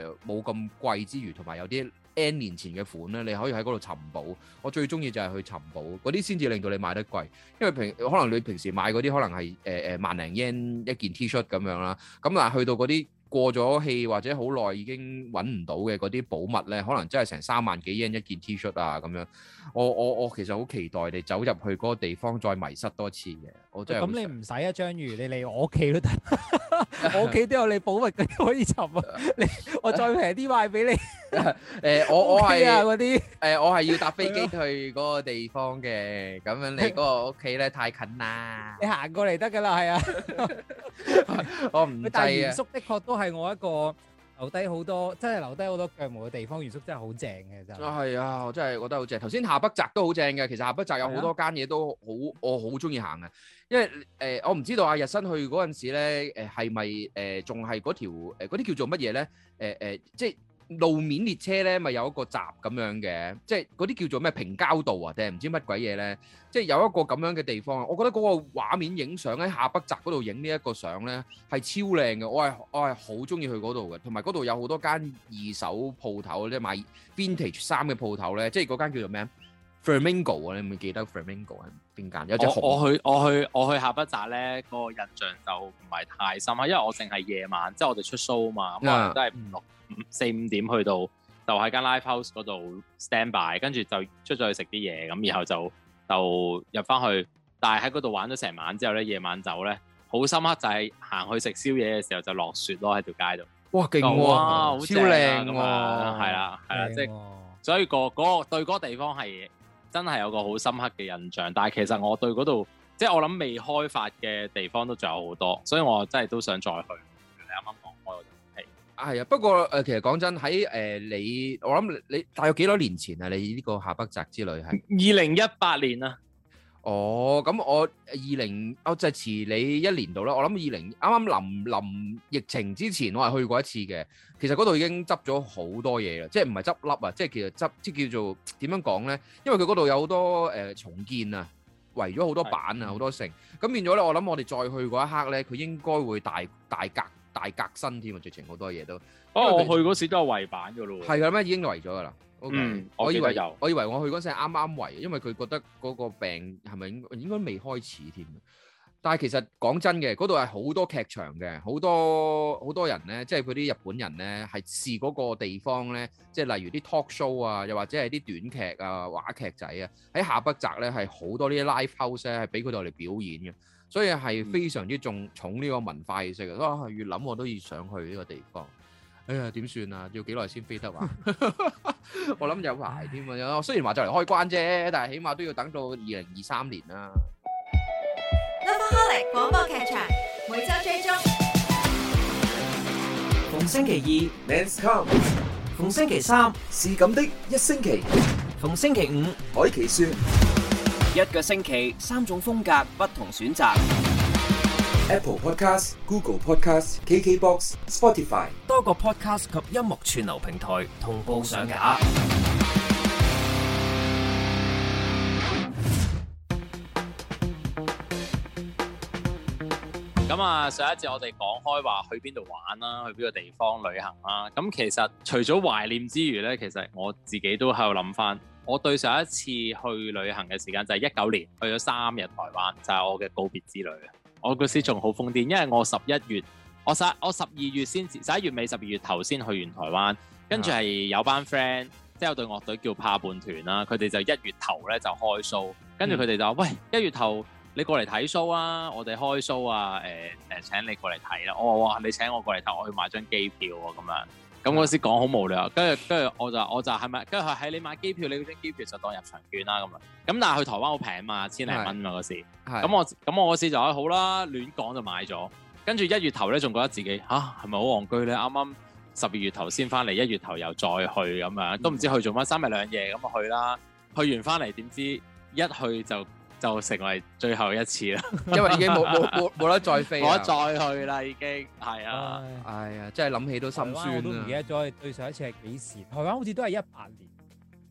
誒冇咁貴之餘，同埋有啲。N 年，年前嘅款咧，你可以喺嗰度尋寶。我最中意就係去尋寶，嗰啲先至令到你買得貴。因為平可能你平時買嗰啲可能係誒誒萬零 yen 一件 T-shirt 咁樣啦。咁嗱去到嗰啲。過咗氣或者好耐已經揾唔到嘅嗰啲寶物咧，可能真係成三萬幾英一件 T-shirt 啊咁樣。我我我其實好期待你走入去嗰個地方再迷失多次嘅。我真係咁你唔使啊，章魚你嚟我屋企都得， 我屋企都有你寶物可以尋啊。 你我再平啲賣俾你。誒、 呃，我我係嗰啲誒，我係 些、呃、要搭飛機去嗰個地方嘅。咁樣 你嗰個屋企咧太近啦。你過行過嚟得噶啦，係啊。 我唔制啊。但係民宿的確都。係我一個留低好多，真係留低好多腳毛嘅地方。原宿真係好正嘅，就係啊、哎！我真係覺得好正。頭先下北澤都好正嘅，其實下北澤有好多間嘢都好，的我好中意行嘅。因為誒、呃，我唔知道阿日新去嗰陣時咧，誒係咪誒仲係嗰條嗰啲、呃、叫做乜嘢咧？誒、呃、誒、呃，即係。路面列車咧，咪有一個閘咁樣嘅，即係嗰啲叫做咩平交道啊定係唔知乜鬼嘢咧？即係有一個咁樣嘅地方啊！我覺得嗰個畫面影相喺下北澤嗰度影呢一個相咧係超靚嘅，我係我係好中意去嗰度嘅，同埋嗰度有好多間二手鋪頭，即係賣 vintage 衫嘅鋪頭咧，即係嗰間叫做咩？Framingo 啊，你會唔會記得 Framingo 係邊間？有隻熊。我去我去我去下一集咧，個印象就唔係太深啊，因為我淨係夜晚，即係我哋出 show 嘛，咁可能都係五六五四五點去到，就喺間 live house 嗰度 standby，跟住就出咗去食啲嘢，咁然後就就入翻去，但係喺嗰度玩咗成晚之後咧，夜晚走咧，好深刻就係行去食宵夜嘅時候就落雪咯喺條街度。哇，勁喎，超靚喎，係啦係啦，即係所以個嗰個對嗰個地方係。真係有個好深刻嘅印象，但係其實我對嗰度，即係我諗未開發嘅地方都仲有好多，所以我真係都想再去。你啱啱講開，係啊，係啊。不過誒，其實講真，喺誒、呃、你，我諗你大約幾多年前啊，你呢個下北澤之旅係二零一八年啊。哦，咁我二零，我即係遲你一年度啦。我諗二零啱啱臨臨疫情之前，我係去過一次嘅。其實嗰度已經執咗好多嘢啦，即係唔係執笠啊？即係其實執即係叫做點樣講呢？因為佢嗰度有好多誒、呃、重建啊，圍咗好多板啊，好多城。咁變咗咧，我諗我哋再去嗰一刻呢，佢應該會大大革大革新添啊，直情好多嘢都。因為哦，我去嗰時都係圍板噶咯喎。係㗎咩？已經圍咗㗎啦。Okay，嗯，我以為有，我，我以為我去嗰陣啱啱圍，因為佢覺得嗰個病係咪應該，應該未開始添。但係其實講真嘅，嗰度係好多劇場嘅，好多好多人咧，即係佢啲日本人咧，係試嗰個地方咧，即係例如啲 talk show 啊，又或者係啲短劇啊、話劇仔啊，喺下北澤咧係好多呢啲 live house 咧，係俾佢哋嚟表演嘅，所以係非常之重重呢、嗯、個文化意識嘅。嗰、啊、下越諗我都越想去呢個地方。哎呀，點算啊？要幾耐先飛得啊？我諗有排添啊！雖然話就嚟開關啫，但係起碼都要等到二零二三年啦。Lovaholic 廣播劇場每周追蹤，逢星期二 Men's Come，逢星期三是咁的一星期，逢星期五海奇說，一個星期，三種風格，不同選擇。Apple Podcast、Google Podcast K K Box、KKBox、Spotify 多個 podcast 及音樂串流平台同步上架。咁啊,上一次我哋講開話去邊度玩啦,去邊個地方旅行啦。咁其實除咗懷念之餘呢,其實我自己都喺度諗翻,我對上一次去旅行嘅時間就係一九年,去咗三日台灣,就係、是、我嘅告別之旅。我嗰時仲好瘋癲，因為我十一月，我十我十二月先至，十一月尾十二月頭先去完台灣，跟住係有班 friend，即係有隊樂隊叫怕半團啦，佢哋就一月頭咧就開 show，跟住佢哋就話：嗯、喂，一月頭你過嚟睇 show 啊，我哋開 show 啊，誒、呃、誒請你過嚟睇啦。我、哦、話：你請我過嚟睇，我去買張機票啊。」咁樣。咁嗰、嗯、時講好無聊，跟住跟住我就我就係咪？跟住佢喺你買機票，你嗰張機票就當入場券啦。咁啊，咁但係去台灣好平啊嘛，千零蚊啊嗰時。咁是我咁我嗰時就啊好啦，亂講就買咗。跟住一月頭咧，仲覺得自己啊，係咪好戇居咧？啱啱十二月頭先翻嚟，一月頭又再去咁樣，都唔知去做乜，三日兩夜咁去啦。去完翻嚟點知一去就。就成為最後一次啦 因為已經冇冇冇冇得再飛，冇 得再去啦，已經係啊，哎呀，真係諗起都心酸都唔記得咗，對上一次係幾時？台灣好似都係一八年，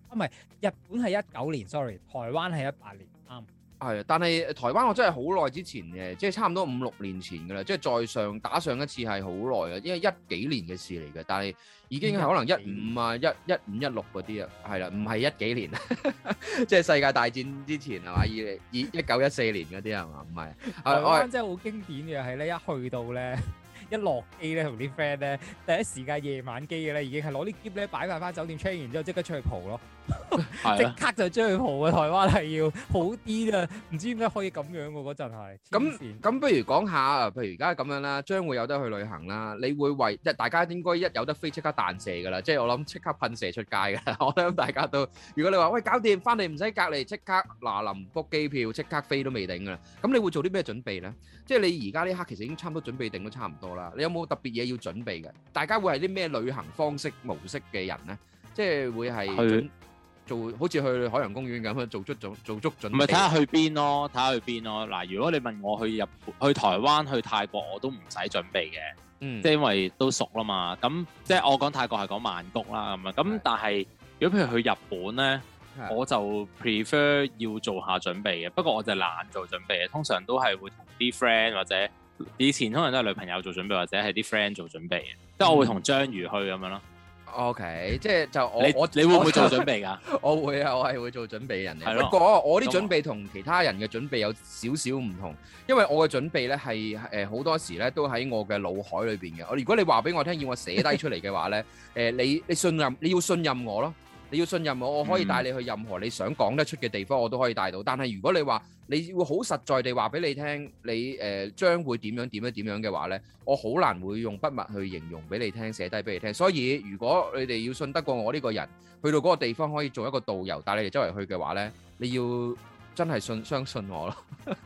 啊唔係，日本係一九年，sorry，台灣係一八年。係，但係台灣我真係好耐之前嘅，即係差唔多五六年前噶啦，即係再上打上一次係好耐啊，因為一幾年嘅事嚟嘅，但係已經係可能一五啊一一五一六嗰啲啊，係啦，唔係一幾年， 即係世界大戰之前係嘛？二二一九一四年嗰啲係嘛？唔係。台灣真係好經典嘅係咧，一去到咧，一落機咧，同啲 friend 咧，第一時間夜晚機嘅咧，已經係攞啲 gear 咧擺埋翻酒店 check 完之後即刻出去蒲咯。即刻就將去蒲啊！台灣係要好啲啦，唔知點解可以咁樣喎？嗰陣係咁咁，不如講下啊，譬如而家咁樣啦，將會有得去旅行啦，你會為一大家應該一有得飛即刻彈射噶啦，即係我諗即刻噴射出街噶啦。我諗大家都，如果你話喂，搞掂翻嚟，唔使隔離，即刻嗱臨 book 機票即刻飛都未定噶啦，咁你會做啲咩準備咧？即係你而家呢刻其實已經差唔多準備定都差唔多啦。你有冇特別嘢要準備嘅？大家會係啲咩旅行方式模式嘅人咧？即係會係。做好似去海洋公園咁樣做足做做，做足準備，唔係睇下去邊咯，睇下去邊咯。嗱，如果你問我去日本、去台灣、去泰國，我都唔使準備嘅，即係、嗯、因為都熟啦嘛。咁即係我講泰國係講曼谷啦咁樣。咁是的 但係如果譬如去日本呢，是的 我就 prefer 要做下準備嘅。是的 不過我就難做準備嘅，通常都係會同啲 friend 或者以前通常都係女朋友做準備，或者係啲 friend 做準備嘅。即係、嗯、我會同章魚去咁樣咯。O、okay, K，即係就我你我你會唔會做準備㗎？ 我會啊，我係會做準備嘅人嚟。的不過我啲準備同其他人嘅準備有少少唔同，因為我嘅準備咧係誒好多時咧都喺我嘅腦海裏邊嘅。如果你話俾我聽要我寫低出嚟嘅話咧，誒、 呃、你你信任你要信任我咯。你要信任我，我可以帶你去任何你想講得出嘅地方，我都可以帶到。但係如果你話，你會好實在地話俾你聽，你誒將會點樣點樣點樣嘅話咧，我好難會用筆墨去形容俾你聽，寫低俾你聽。所以如果你哋要信得過我呢個人，去到嗰個地方可以做一個導遊帶你哋周圍去嘅話咧，你要真係信，相信我咯。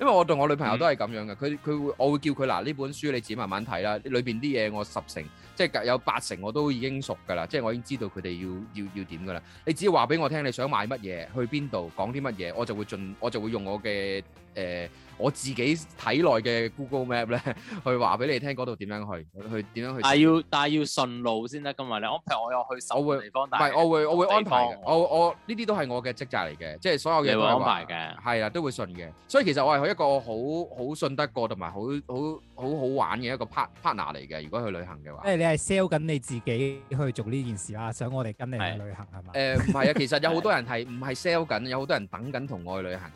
因為我同我女朋友都係咁樣嘅，佢佢會我會叫佢嗱，呢本書你自己慢慢睇啦，裏邊啲嘢我十成。即係有八成我都已經熟㗎啦，即係我已經知道佢哋要要要點㗎啦。你只要話俾我聽，你想買乜嘢，去邊度，講啲乜嘢，我就會盡，我就會用我嘅誒。呃我自己體內嘅 Google Map 咧，去話俾你聽嗰度點樣去，去點樣去但。但係要但係要順路先得㗎嘛。你安排我又去手會地方，唔係我會我會安排我我，呢啲都係我嘅職責嚟嘅，即係所有嘢。你會安排嘅係啊，都會順嘅。所以其實我係一個好好信得過同埋好好好好玩嘅一個 partner 嚟嘅。如果去旅行嘅話，因你係 sell 緊你自己去做呢件事啊，想我哋跟你去旅行係嘛？誒唔係啊，其實有好多人係唔係 sell 緊，有好多人等緊同我去旅行。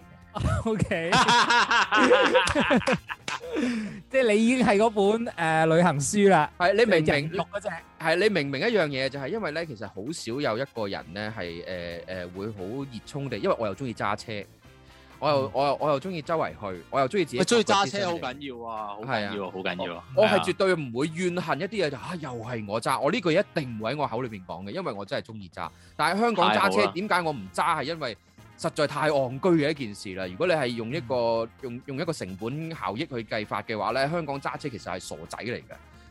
O K，即係你已經係嗰本誒旅行書啦。係你明明讀嗰隻，係你明明一樣嘢就係，因為咧其實好少有一個人咧係誒誒會好熱衷地，因為我又中意揸車，我又我又我又中意周圍去，我又中意自己。中意揸車好緊要啊，係啊，好緊要，我係絕對唔會怨恨一啲嘢就吓，又係我揸，我呢句一定唔會喺我口裏邊講嘅，因為我真係中意揸。但係香港揸車點解我唔揸係因為？實在太戇居嘅一件事啦！如果你係用一個用用一個成本效益去計法嘅話咧，香港揸車其實係傻仔嚟嘅，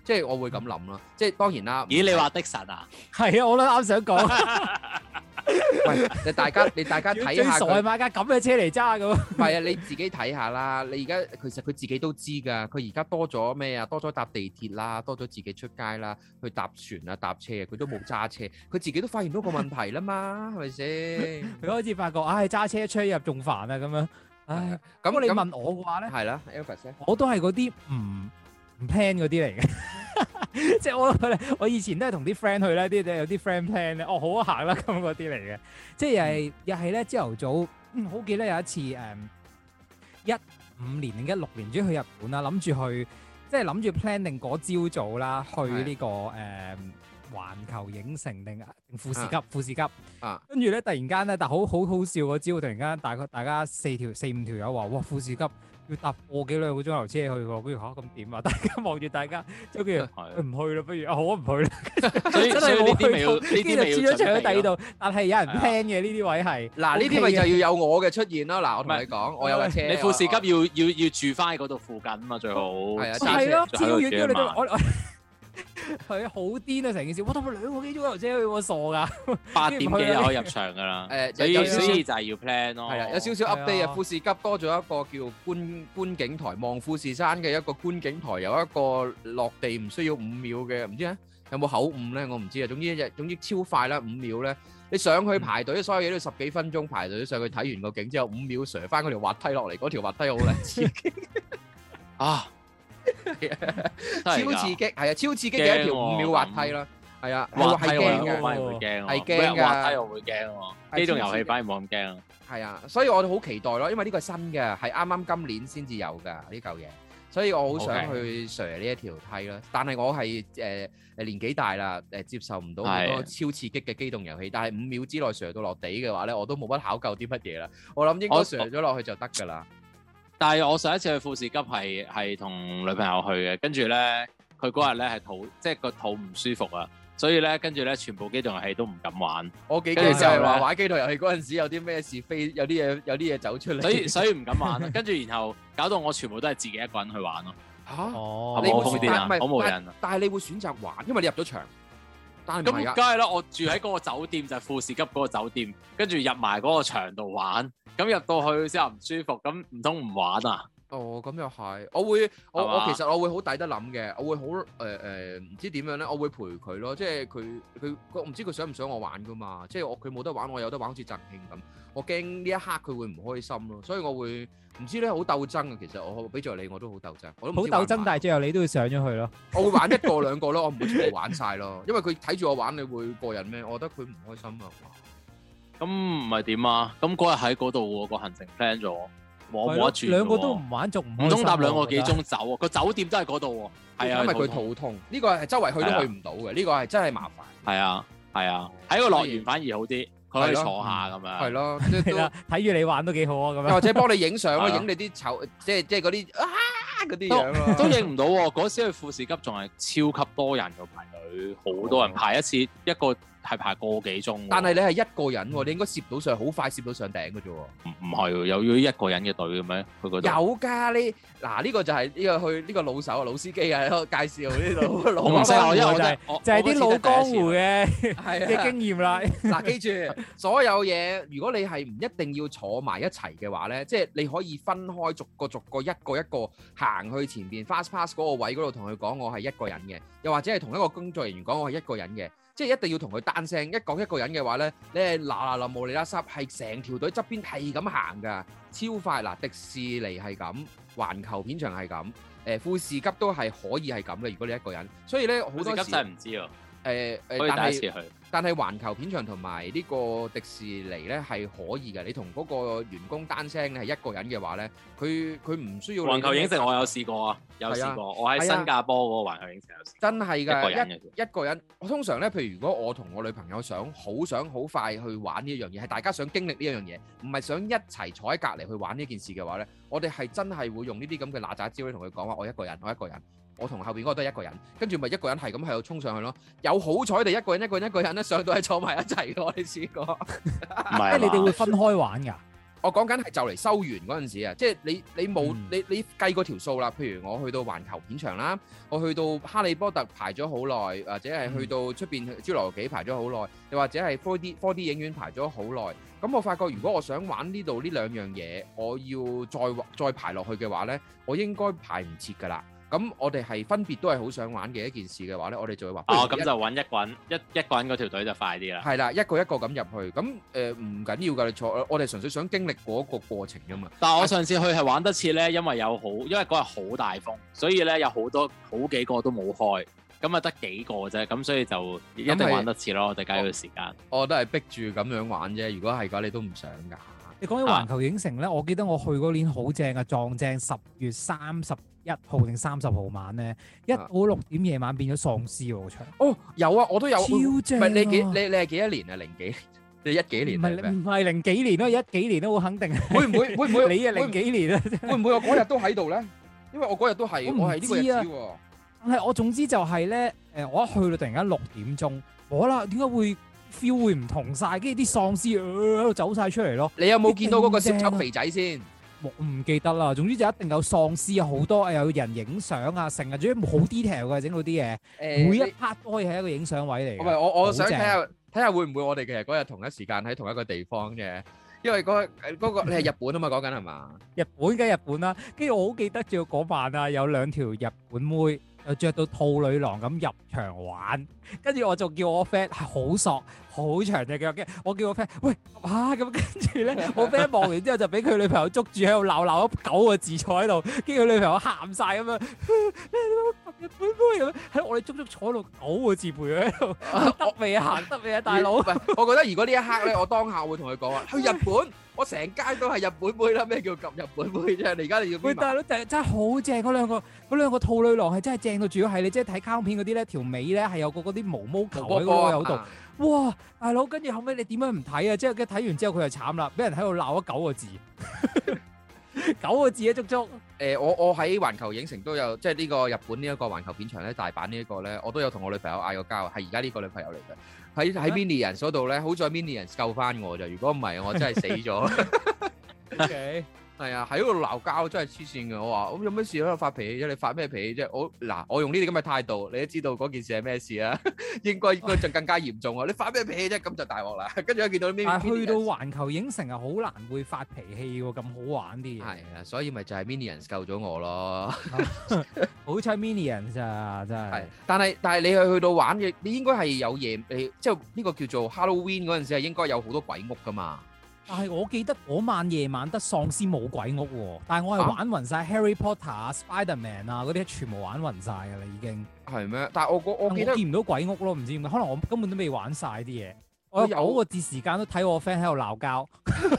即係我會咁諗啦。即係當然啦。咦，你話的實啊？係啊，我都啱想講。 喂，你大家，你大家睇下傻，傻啊嘛架咁嘅車嚟揸㗎。唔係啊，你自己睇下啦。你而家其實佢自己都知噶，佢而家多咗咩啊？多咗搭地鐵啦，多咗自己出街啦，去搭船啊，搭車啊，佢都冇揸車。佢自己都發現到個問題啦嘛，係咪先？佢開始發覺，唉，揸車出入仲煩啊，咁樣、啊。唉，咁你問我嘅話咧，係啦，Alvis 先，Alvis, 我都係嗰啲唔。plan 啲嚟嘅， 即係我我以前都係同啲 friend 去咧，啲有啲 friend plan 咧，哦，好，好啊行啦咁嗰啲嚟嘅，即係又係咧朝頭早、嗯，好記得有一次誒一五年定一六年，主要去日本啦，諗住去，即係諗住 plan 定嗰朝早啦、這個，去呢個誒環球影城定富士急、啊、富士急啊，跟住咧突然間咧，但好好好笑嗰朝，突然間大個大家四條四五條友話哇富士急。要搭過幾兩個鐘頭車去喎，不如吓咁點啊？大家望住大家，即係唔去咯，不如我唔去啦。所以真係呢啲未，呢啲未咗出喺第二度，但係有人聽嘅呢啲位係。嗱，呢啲咪就要有我嘅出現咯。嗱，我同你講，我有架車，你富士急要要要住翻喺嗰度附近啊嘛，最好。係啊，係咯，超遠招你都，我。佢好癲啊！成件事，我得唔得兩個幾鐘頭啫？我傻噶！八點幾就可以入場噶啦。誒，所以所以就係要 plan 咯、哦。係啊，有少少 update 啊。的富士急多咗一個叫觀觀景台，望富士山嘅一個觀景台，有一個落地唔需要五秒嘅。唔知咧，有冇口誤咧？我唔知啊。總之就總之超快啦，五秒咧，你上去排隊，嗯、所有嘢都要十幾分鐘，排隊上去睇完個景之後，五秒上翻嗰條滑梯落嚟，嗰條滑梯好靚。啊！ 超刺激，係 激啊，超刺激嘅一條五秒滑梯啦，係、嗯、啊，係驚嘅，係驚嘅，滑梯我會驚，機動遊戲反而冇咁驚，係啊，所以我都好期待咯，因為呢個新嘅係啱啱今年先至有噶呢舊嘢，所以我好想去試呢一條梯啦，Okay. 但係我係誒誒年紀大啦，誒、呃、接受唔到好多超刺激嘅機動遊戲，啊、但係五秒之內試到落地嘅話咧，我都冇乜考究啲乜嘢啦，我諗應該試咗落去就得噶啦。但係我上一次去富士急係係同女朋友去嘅，跟住咧佢嗰日咧係肚即係個肚唔舒服啊，所以咧跟住咧全部機動遊戲都唔敢玩。我記記得就係話玩機動遊戲嗰陣時有啲咩事飛，有啲嘢有啲嘢走出嚟，所以所以唔敢玩。啊。跟住然後搞到我全部都係自己一個人去玩咯。哦，好無線啊，好無人啊。啊，但係你會選擇玩，因為你入咗場。但係，咁梗係啦，我住喺嗰個酒店就富士急嗰個酒店，跟住入埋嗰個場度玩，咁入到去先話唔舒服，咁唔通唔玩啊？哦，咁又係，我會，吧我我其實我會好抵得諗嘅，我會好誒誒，唔、呃呃、知點樣咧，我會陪佢咯，即係佢佢，我唔知佢想唔想我玩噶嘛，即係我佢冇得玩，我有得玩好似贈慶咁，我驚呢一刻佢會唔開心咯，所以我會唔知咧好鬥爭呀，其實我俾咗你我都好鬥爭，我都冇鬥爭，但係最後你都會上咗去咯，我會玩一個 兩個咯，我唔會全部玩晒咯，因為佢睇住我玩，你會過癮咩？我覺得佢唔開心啊，咁唔係點啊？咁嗰日喺嗰度個行程 plan 咗。兩個都唔玩仲唔通搭兩個幾鐘走，個酒店都喺嗰度。係啊，因為佢肚痛。呢個係周圍去都去唔到嘅，呢個係真係麻煩。係啊，係啊，喺個樂園反而好啲，可以坐下咁樣。係咯，睇住你玩都幾好啊，咁樣。或者幫你影相咯，影你啲醜，即係即係嗰啲啊啲都影唔到。嗰時去富士急仲係超級多人嘅，排隊，好多人排一次一個。係排個幾鐘，但係你係一個人喎，你應該攝到上好快，攝到上頂嘅啫喎。唔，唔係，有要一個人嘅隊嘅咩？佢覺得有㗎，呢嗱呢個就係呢個去呢個老手啊，老司機啊，介紹呢老就係啲老江湖嘅經驗啦。嗱，記住，所有嘢如果你係唔一定要坐埋一齊嘅話咧，即係你可以分開逐個逐個一個一個行去前邊 fast pass 嗰個位嗰度同佢講，我係一個人嘅，又或者係同一個工作人員講我係一個人嘅。即係一定要同佢單聲，一講一個人嘅話咧，你係嗱嗱臨無理垃圾係成條隊側邊係咁行㗎，超快嗱，迪士尼係咁，環球片場係咁，誒、呃、富士急都係可以係咁嘅，如果你一個人，所以咧好多時唔知哦、啊，誒、呃，可以第一次去。但係環球片場同埋呢個迪士尼咧係可以嘅，你同嗰個員工單聲咧係一個人嘅話呢，佢佢唔需要。環球影城我有試過啊，有試過，啊、我喺新加坡嗰個環球影城有試過。真係㗎，一個人一，一個人，我通常呢，譬如如果我同我女朋友想好想好快去玩呢一樣嘢，係大家想經歷呢一樣嘢，唔係想一齊坐喺隔離去玩呢件事嘅話呢，我哋係真係會用呢啲咁嘅拿雜招咧，同佢講話我一個人，我一個人。我同後邊嗰個都係一個人，跟住咪一個人係咁喺度衝上去咯。有好彩你一個人一個人一個人咧，上到去坐埋一齊我哋試過？唔係 你哋會分開玩噶。 我講緊係就嚟收完嗰陣時啊，即係你你冇、嗯、你你計過條數啦。譬如我去到環球片場啦，我去到哈利波特排咗好耐，或者係去到出邊侏羅紀排咗好耐，又或者係 four D four D 影院排咗好耐。咁我發覺如果我想玩呢度呢兩樣嘢，我要再再排落去嘅話咧，我應該排唔切噶啦。咁我哋係分別都係好想玩嘅一件事嘅話呢，我哋就會話哦，咁就揾一揾一一個人嗰條隊就快啲啦。係啦，一個一個咁入去，咁誒唔緊要噶，你坐，我哋純粹想經歷嗰個過程㗎嘛。但係我上次去係玩得切呢，因為有好，因為嗰日好大風，所以呢有好多好幾個都冇開，咁啊得幾個啫，咁所以就一定玩得切咯，就係要時間。我都係逼住咁樣玩啫，如果係嘅話，你都唔想噶。你講起環球影城呢，我記得我去嗰年好正啊，撞正十月三十。一號定三十號晚咧，一到六點夜晚變咗喪屍喎嗰場。我哦，有啊，我都有。超正、啊。咪你幾？你你係幾多年啊？零幾？你一幾年？唔係零幾年咯，一幾年都好肯定。會唔會？會唔會？你係零幾年啊？會唔會我嗰日都喺度咧？因為我嗰、啊、日都係、啊，我係呢個。但係我總之就係咧，誒，我一去到突然間六點鐘，我啦點解會 feel 會唔同晒？跟住啲喪屍喺、呃、度走晒出嚟咯。你有冇見到嗰個色澤肥仔先？唔記得啦，總之就一定有喪屍有啊，好多誒，有人影相啊，成日總之冇 detail 嘅，整到啲嘢，每一 part 都可以係一個影相位嚟。唔係，我棒我想睇下睇下會唔會我哋其實嗰日同一時間喺同一個地方嘅，因為嗰、那個那個嗰個嗰個你係日， 日，日本啊嘛，講緊係嘛？日本嘅日本啦，跟住我好記得，仲有嗰晚啊，有兩條日本妹又着到兔女郎咁入場玩。跟住我就叫我 friend 係好索，好長隻腳嘅。我叫我 friend，喂，啊，咁跟住咧，我 friend 望完之後就俾佢女朋友捉住喺度鬧鬧咗九個字坐喺度，跟住佢女朋友喊晒。咁、呃、樣，你冇撳日本妹咁，喺我哋足足坐到九個字陪佢喺度，我未行得未呀，大佬。我覺得如果呢一刻咧，我當下會同佢講啊，去 日本，我成街都係日本妹啦。咩叫撳日本妹啫？你而家你要？喂，大佬真係好正嗰兩個，嗰兩個兔女郎係真係正到，主要係你即係睇卡通片嗰啲咧，條尾咧係有個、那個。啲毛毛球喺度，啊、哇！大佬，跟住後尾你點樣唔睇啊？即係跟睇完之後佢就慘啦，俾人喺度鬧咗九個字， 九個字啊足足。誒、呃，我我喺環球影城都有，即係呢個日本呢一個環球片場咧，大阪呢一個咧，我都有同我女朋友嗌過交，係而家呢個女朋友嚟嘅。喺喺 m i n i 人嗰度咧，啊、在好在 m i n i 人救翻我就，如果唔係我真係死咗。 okay. 係啊，喺度鬧交，真係黐線嘅。我話咁、嗯、有咩事喺度發脾氣啫？你發咩脾氣啫？我嗱，我用呢啲咁嘅態度，你都知道嗰件事係咩事啊？應該應該就更加嚴重啊！ 你發咩脾氣啫？咁就大鑊啦。跟住我見到 Minion 去到環球影城啊，好難會發脾氣喎，咁好玩啲嘅。係啊，所以咪就係 Minions 救咗我咯。好彩 Minions, 啊，真係。但係但係你去去到玩嘅，你應該係有嘢，即係呢個叫做 Halloween 嗰陣時係應該有好多鬼屋噶嘛。但係我記得嗰晚夜晚得喪屍冇鬼屋，啊，但係我係玩暈晒 Harry，啊、Harry Potter Spider-Man 啊嗰啲，Spider 啊，全部玩暈晒噶啦已經。係咩？但係我個我，我，我見唔到鬼屋咯，啊，唔知點解。可能我根本都未玩晒啲嘢。啊、我有嗰個字時間都睇我 friend 喺度鬧交，啊、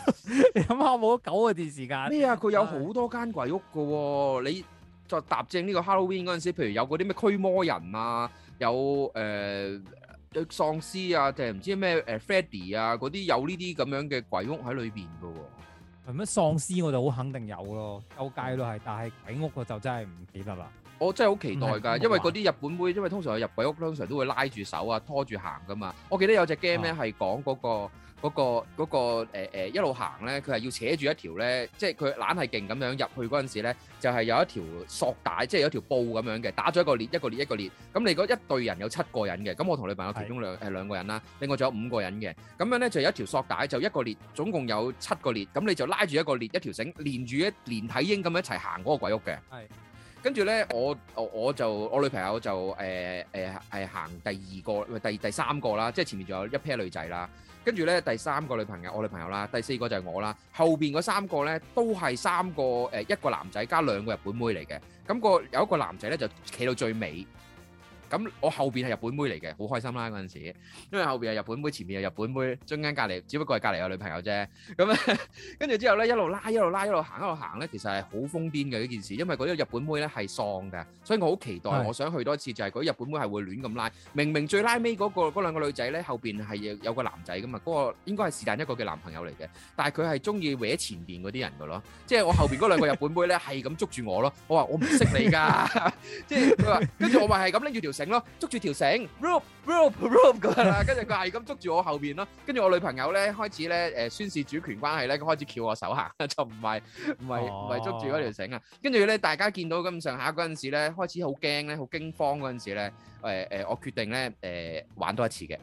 你諗下，冇咗九個字時間。咩啊？佢有好多間鬼屋噶，啊，的你就搭正呢個 Halloween 嗰陣時，譬如有嗰啲咩驅魔人啊，有誒。呃喪屍啊，定係唔知咩誒、啊、Freddy 啊，嗰啲有呢啲咁樣嘅鬼屋喺裏邊嘅喎。係咩喪屍？我就好肯定有咯，有街都係，但係鬼屋我就真係唔記得啦。我真係好期待㗎，是因為嗰啲日本妹，因為通常去入鬼屋通常都會拉住手啊，拖住行㗎嘛。我記得有隻 game 咧係講嗰個。啊嗰個嗰個欸呃一路行咧，佢係要扯住一條咧，即係佢懶係勁咁樣入去嗰陣時咧，就係有一條索帶，即係有一條布咁樣嘅，打咗一個裂一個裂一個裂。咁你嗰一隊人有七個人嘅，咁我同你朋友其中兩誒是兩個人啦，另外仲有五個人嘅，咁樣咧就有一條索帶，就一個裂總共有七個裂，咁你就拉住一個裂一條繩，連住一連體嬰咁一齊行嗰個鬼屋嘅。跟住呢，我我就我女朋友就誒誒、呃呃、行第二個第第三個啦，即係前面仲有一 pair 女仔啦。跟住呢，第三個女朋友我女朋友啦，第四個就係我啦。後邊嗰三個呢，都係三個誒、呃、一個男仔加兩個日本妹嚟嘅。咁個有一個男仔呢，就企到最尾。咁我後邊係日本妹嚟嘅，好開心啦嗰陣時，因為後邊係日本妹，前邊係日本妹，中間隔離只不過係隔離有女朋友啫。咁咧，跟住之後咧，一路拉一路拉，一路行一路行咧，其實係好瘋癲嘅一件事，因為嗰啲日本妹咧係喪嘅，所以我好期待，我想去多次就係嗰啲日本妹係會亂咁拉。明明最拉尾嗰個嗰兩個女仔咧，後邊係有個男仔㗎嘛，嗰個應該係時間一個嘅男朋友嚟嘅，但係佢係中意搲前邊嗰啲人㗎囉。即係我後邊嗰兩個日本妹咧，係咁捉住我咯。我話我唔識你㗎，即係佢話跟住我話係咁拎住條。咯，捉住條繩，rope，rope，rope 咁啦，跟住佢係咁捉住我後邊咯，跟住我女朋友咧開始咧，誒宣示主權關係咧，佢開始翹我手行，就唔係唔係唔係捉住嗰條繩啊，跟住咧大家見到咁上下嗰陣時咧，開始好驚咧，好驚慌嗰陣時咧，誒誒，我決定咧，誒玩多一次嘅，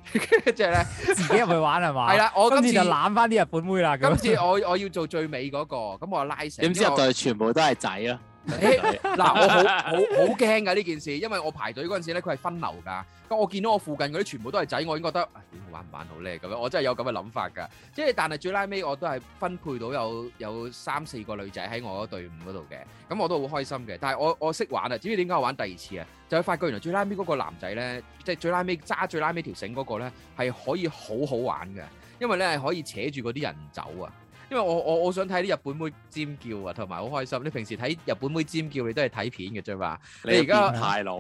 即係咧自己入去玩係嘛？係啦，我今次就攬翻啲日本妹啦，今次我我要做最尾嗰個，咁我拉繩，點知入就全部都係仔咯。嗱 Hey, 我好好好驚㗎呢件事，因為我排隊嗰陣時咧，佢係分流㗎。咁我見到我附近嗰啲全部都係仔，我已經覺得點、哎、玩唔玩好叻咁樣。我真係有咁嘅諗法㗎。即係但係最拉尾我都係分配到有有三四個女仔喺我隊伍嗰度嘅，咁、嗯、我都好開心嘅。但係我我識玩啊，至於點解我玩第二次啊，就係發覺原來最拉尾嗰個男仔咧，即係最拉尾揸最拉尾條繩嗰個咧，係可以好好玩嘅，因為咧係可以扯住嗰啲人走啊。因為我我我想睇啲日本妹尖叫啊，同埋好開心。你平時睇日本妹尖叫，你都係睇片嘅啫嘛。你而家太老，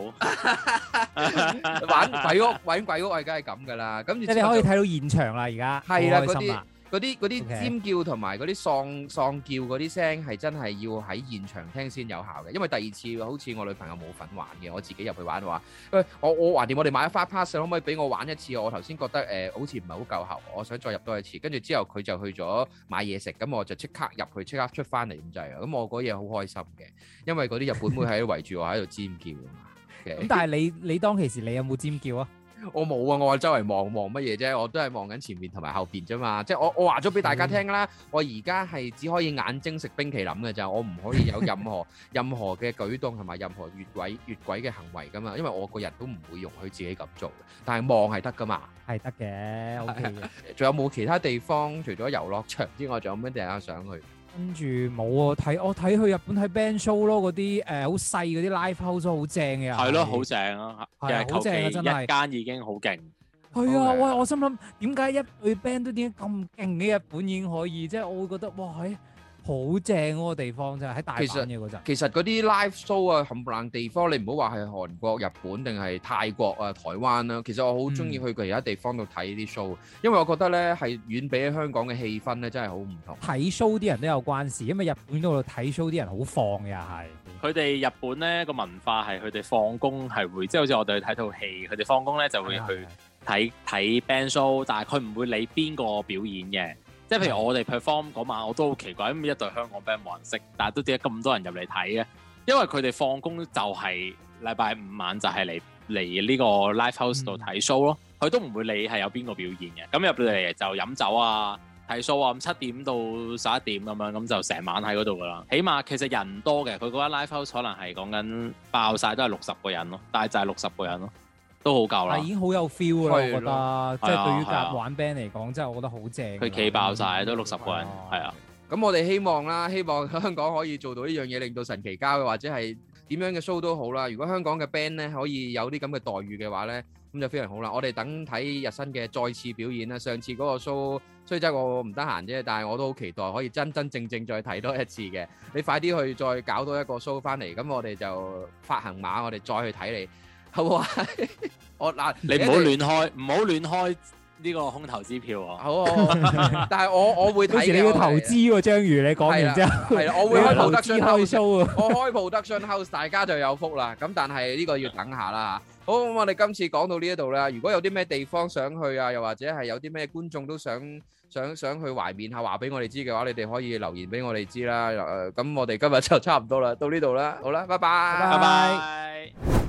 玩鬼屋玩鬼屋，係梗係咁㗎啦。咁你即係你可以睇到現場啦，而家係啦，啊、開心啦、啊。嗰啲嗰啲尖叫同埋嗰啲喪喪叫嗰啲聲係真係要喺現場聽先有效嘅，因為第二次好似我女朋友冇份玩嘅，我自己入去玩嘅話，喂，我我橫掂我哋買咗 fast pass，可唔可以俾我玩一次啊？我頭先覺得誒、呃、好似唔係好夠喉，我想再入多一次。跟住之後佢就去咗買嘢食，咁我就即刻入去，即刻出翻嚟咁就係、是、咁我嗰夜好開心嘅，因為嗰啲日本妹喺度圍住我喺度 尖叫啊嘛。咁 但係你你當其時你有冇尖叫啊？我冇啊！我喺周圍望望乜嘢啫，我都係望緊前面同埋後邊啫嘛。即係我我話咗俾大家聽啦，的我而家係只可以眼睛食冰淇淋嘅就，我唔可以有任何 任何嘅舉動同埋任何越軌越軌嘅行為噶嘛。因為我個人都唔會容許自己咁做，但係望係得噶嘛，係得嘅。O、OK、K。仲 有冇其他地方？除咗遊樂場之外，仲有咩地方想去？跟住冇啊，睇我睇去日本睇 band show 咯，嗰啲誒好細嗰啲 live house 都好正嘅。係咯對，好正啊！係啊，好正啊，真係一間已經好勁。係啊，我 Okay. 我心諗點解一隊 band 都點解咁勁？嘅日本已經可以，即係我會覺得哇係。好正嗰個地方就係喺大阪嘅嗰陣，其實嗰啲 live show 啊冚唪唥地方，你唔好話係韓國、日本定係泰國啊、台灣啦。其實我好中意去其他地方度睇啲 show，嗯、因為我覺得咧係遠比香港嘅氣氛咧真係好唔同。睇 show 啲人都有關事，因為日本度睇 show 啲人好放嘅又係。佢哋日本咧個文化係佢哋放工係會，即係好似我哋睇套戲，佢哋放工咧就會去睇睇 band show，但係佢唔會理邊個表演嘅。即係譬如我哋 perform 嗰晚我都好奇怪，咁一隊香港 band 冇人識，但係都點解咁多人入嚟睇嘅？因為佢哋放工就係禮拜五晚就係嚟嚟呢個 live house 度睇 show 咯、嗯，佢都唔會理係有邊個表現嘅。咁入嚟就飲酒啊、睇 show 啊，咁七點到十一點咁樣，咁就成晚喺嗰度噶啦。起碼其實人多嘅，佢嗰間 live house 可能係講緊爆晒，都係六十個人咯，但係就係六十個人咯。都好夠啦，已經好有 feel 啦，我覺得，即係對於夾玩 band 嚟講，真係我覺得好正。佢企爆曬都六十個人，係啊！咁我哋希望啦，希望香港可以做到呢樣嘢，令到神奇交嘅或者係點樣嘅 show 都好啦。如果香港嘅 band 咧可以有啲咁嘅待遇嘅話咧，咁就非常好啦。我哋等睇日新嘅再次表演啦。上次嗰個 show 雖則我唔得閒啫，但係我都好期待可以真真正正再睇多一次嘅。你快啲去再搞多一個 show 翻嚟，咁我哋就發行碼，我哋再去睇你。好啊！我嗱，你唔好亂開，唔好亂開呢個空頭支票啊！好，但係我我會睇你投資喎，章魚你講完之後，係啦，我會開 Production House 啊！我開 Production House，大家就有福啦！咁但係呢個要等下啦吓。好，我哋今次講到呢一度啦。如果有啲咩地方想去啊，又或者係有啲咩觀眾都想想想去懷緬下，話俾我哋知嘅話，你哋可以留言俾我哋知啦。咁我哋今日就差唔多啦，到呢度啦。好啦，拜拜，拜拜。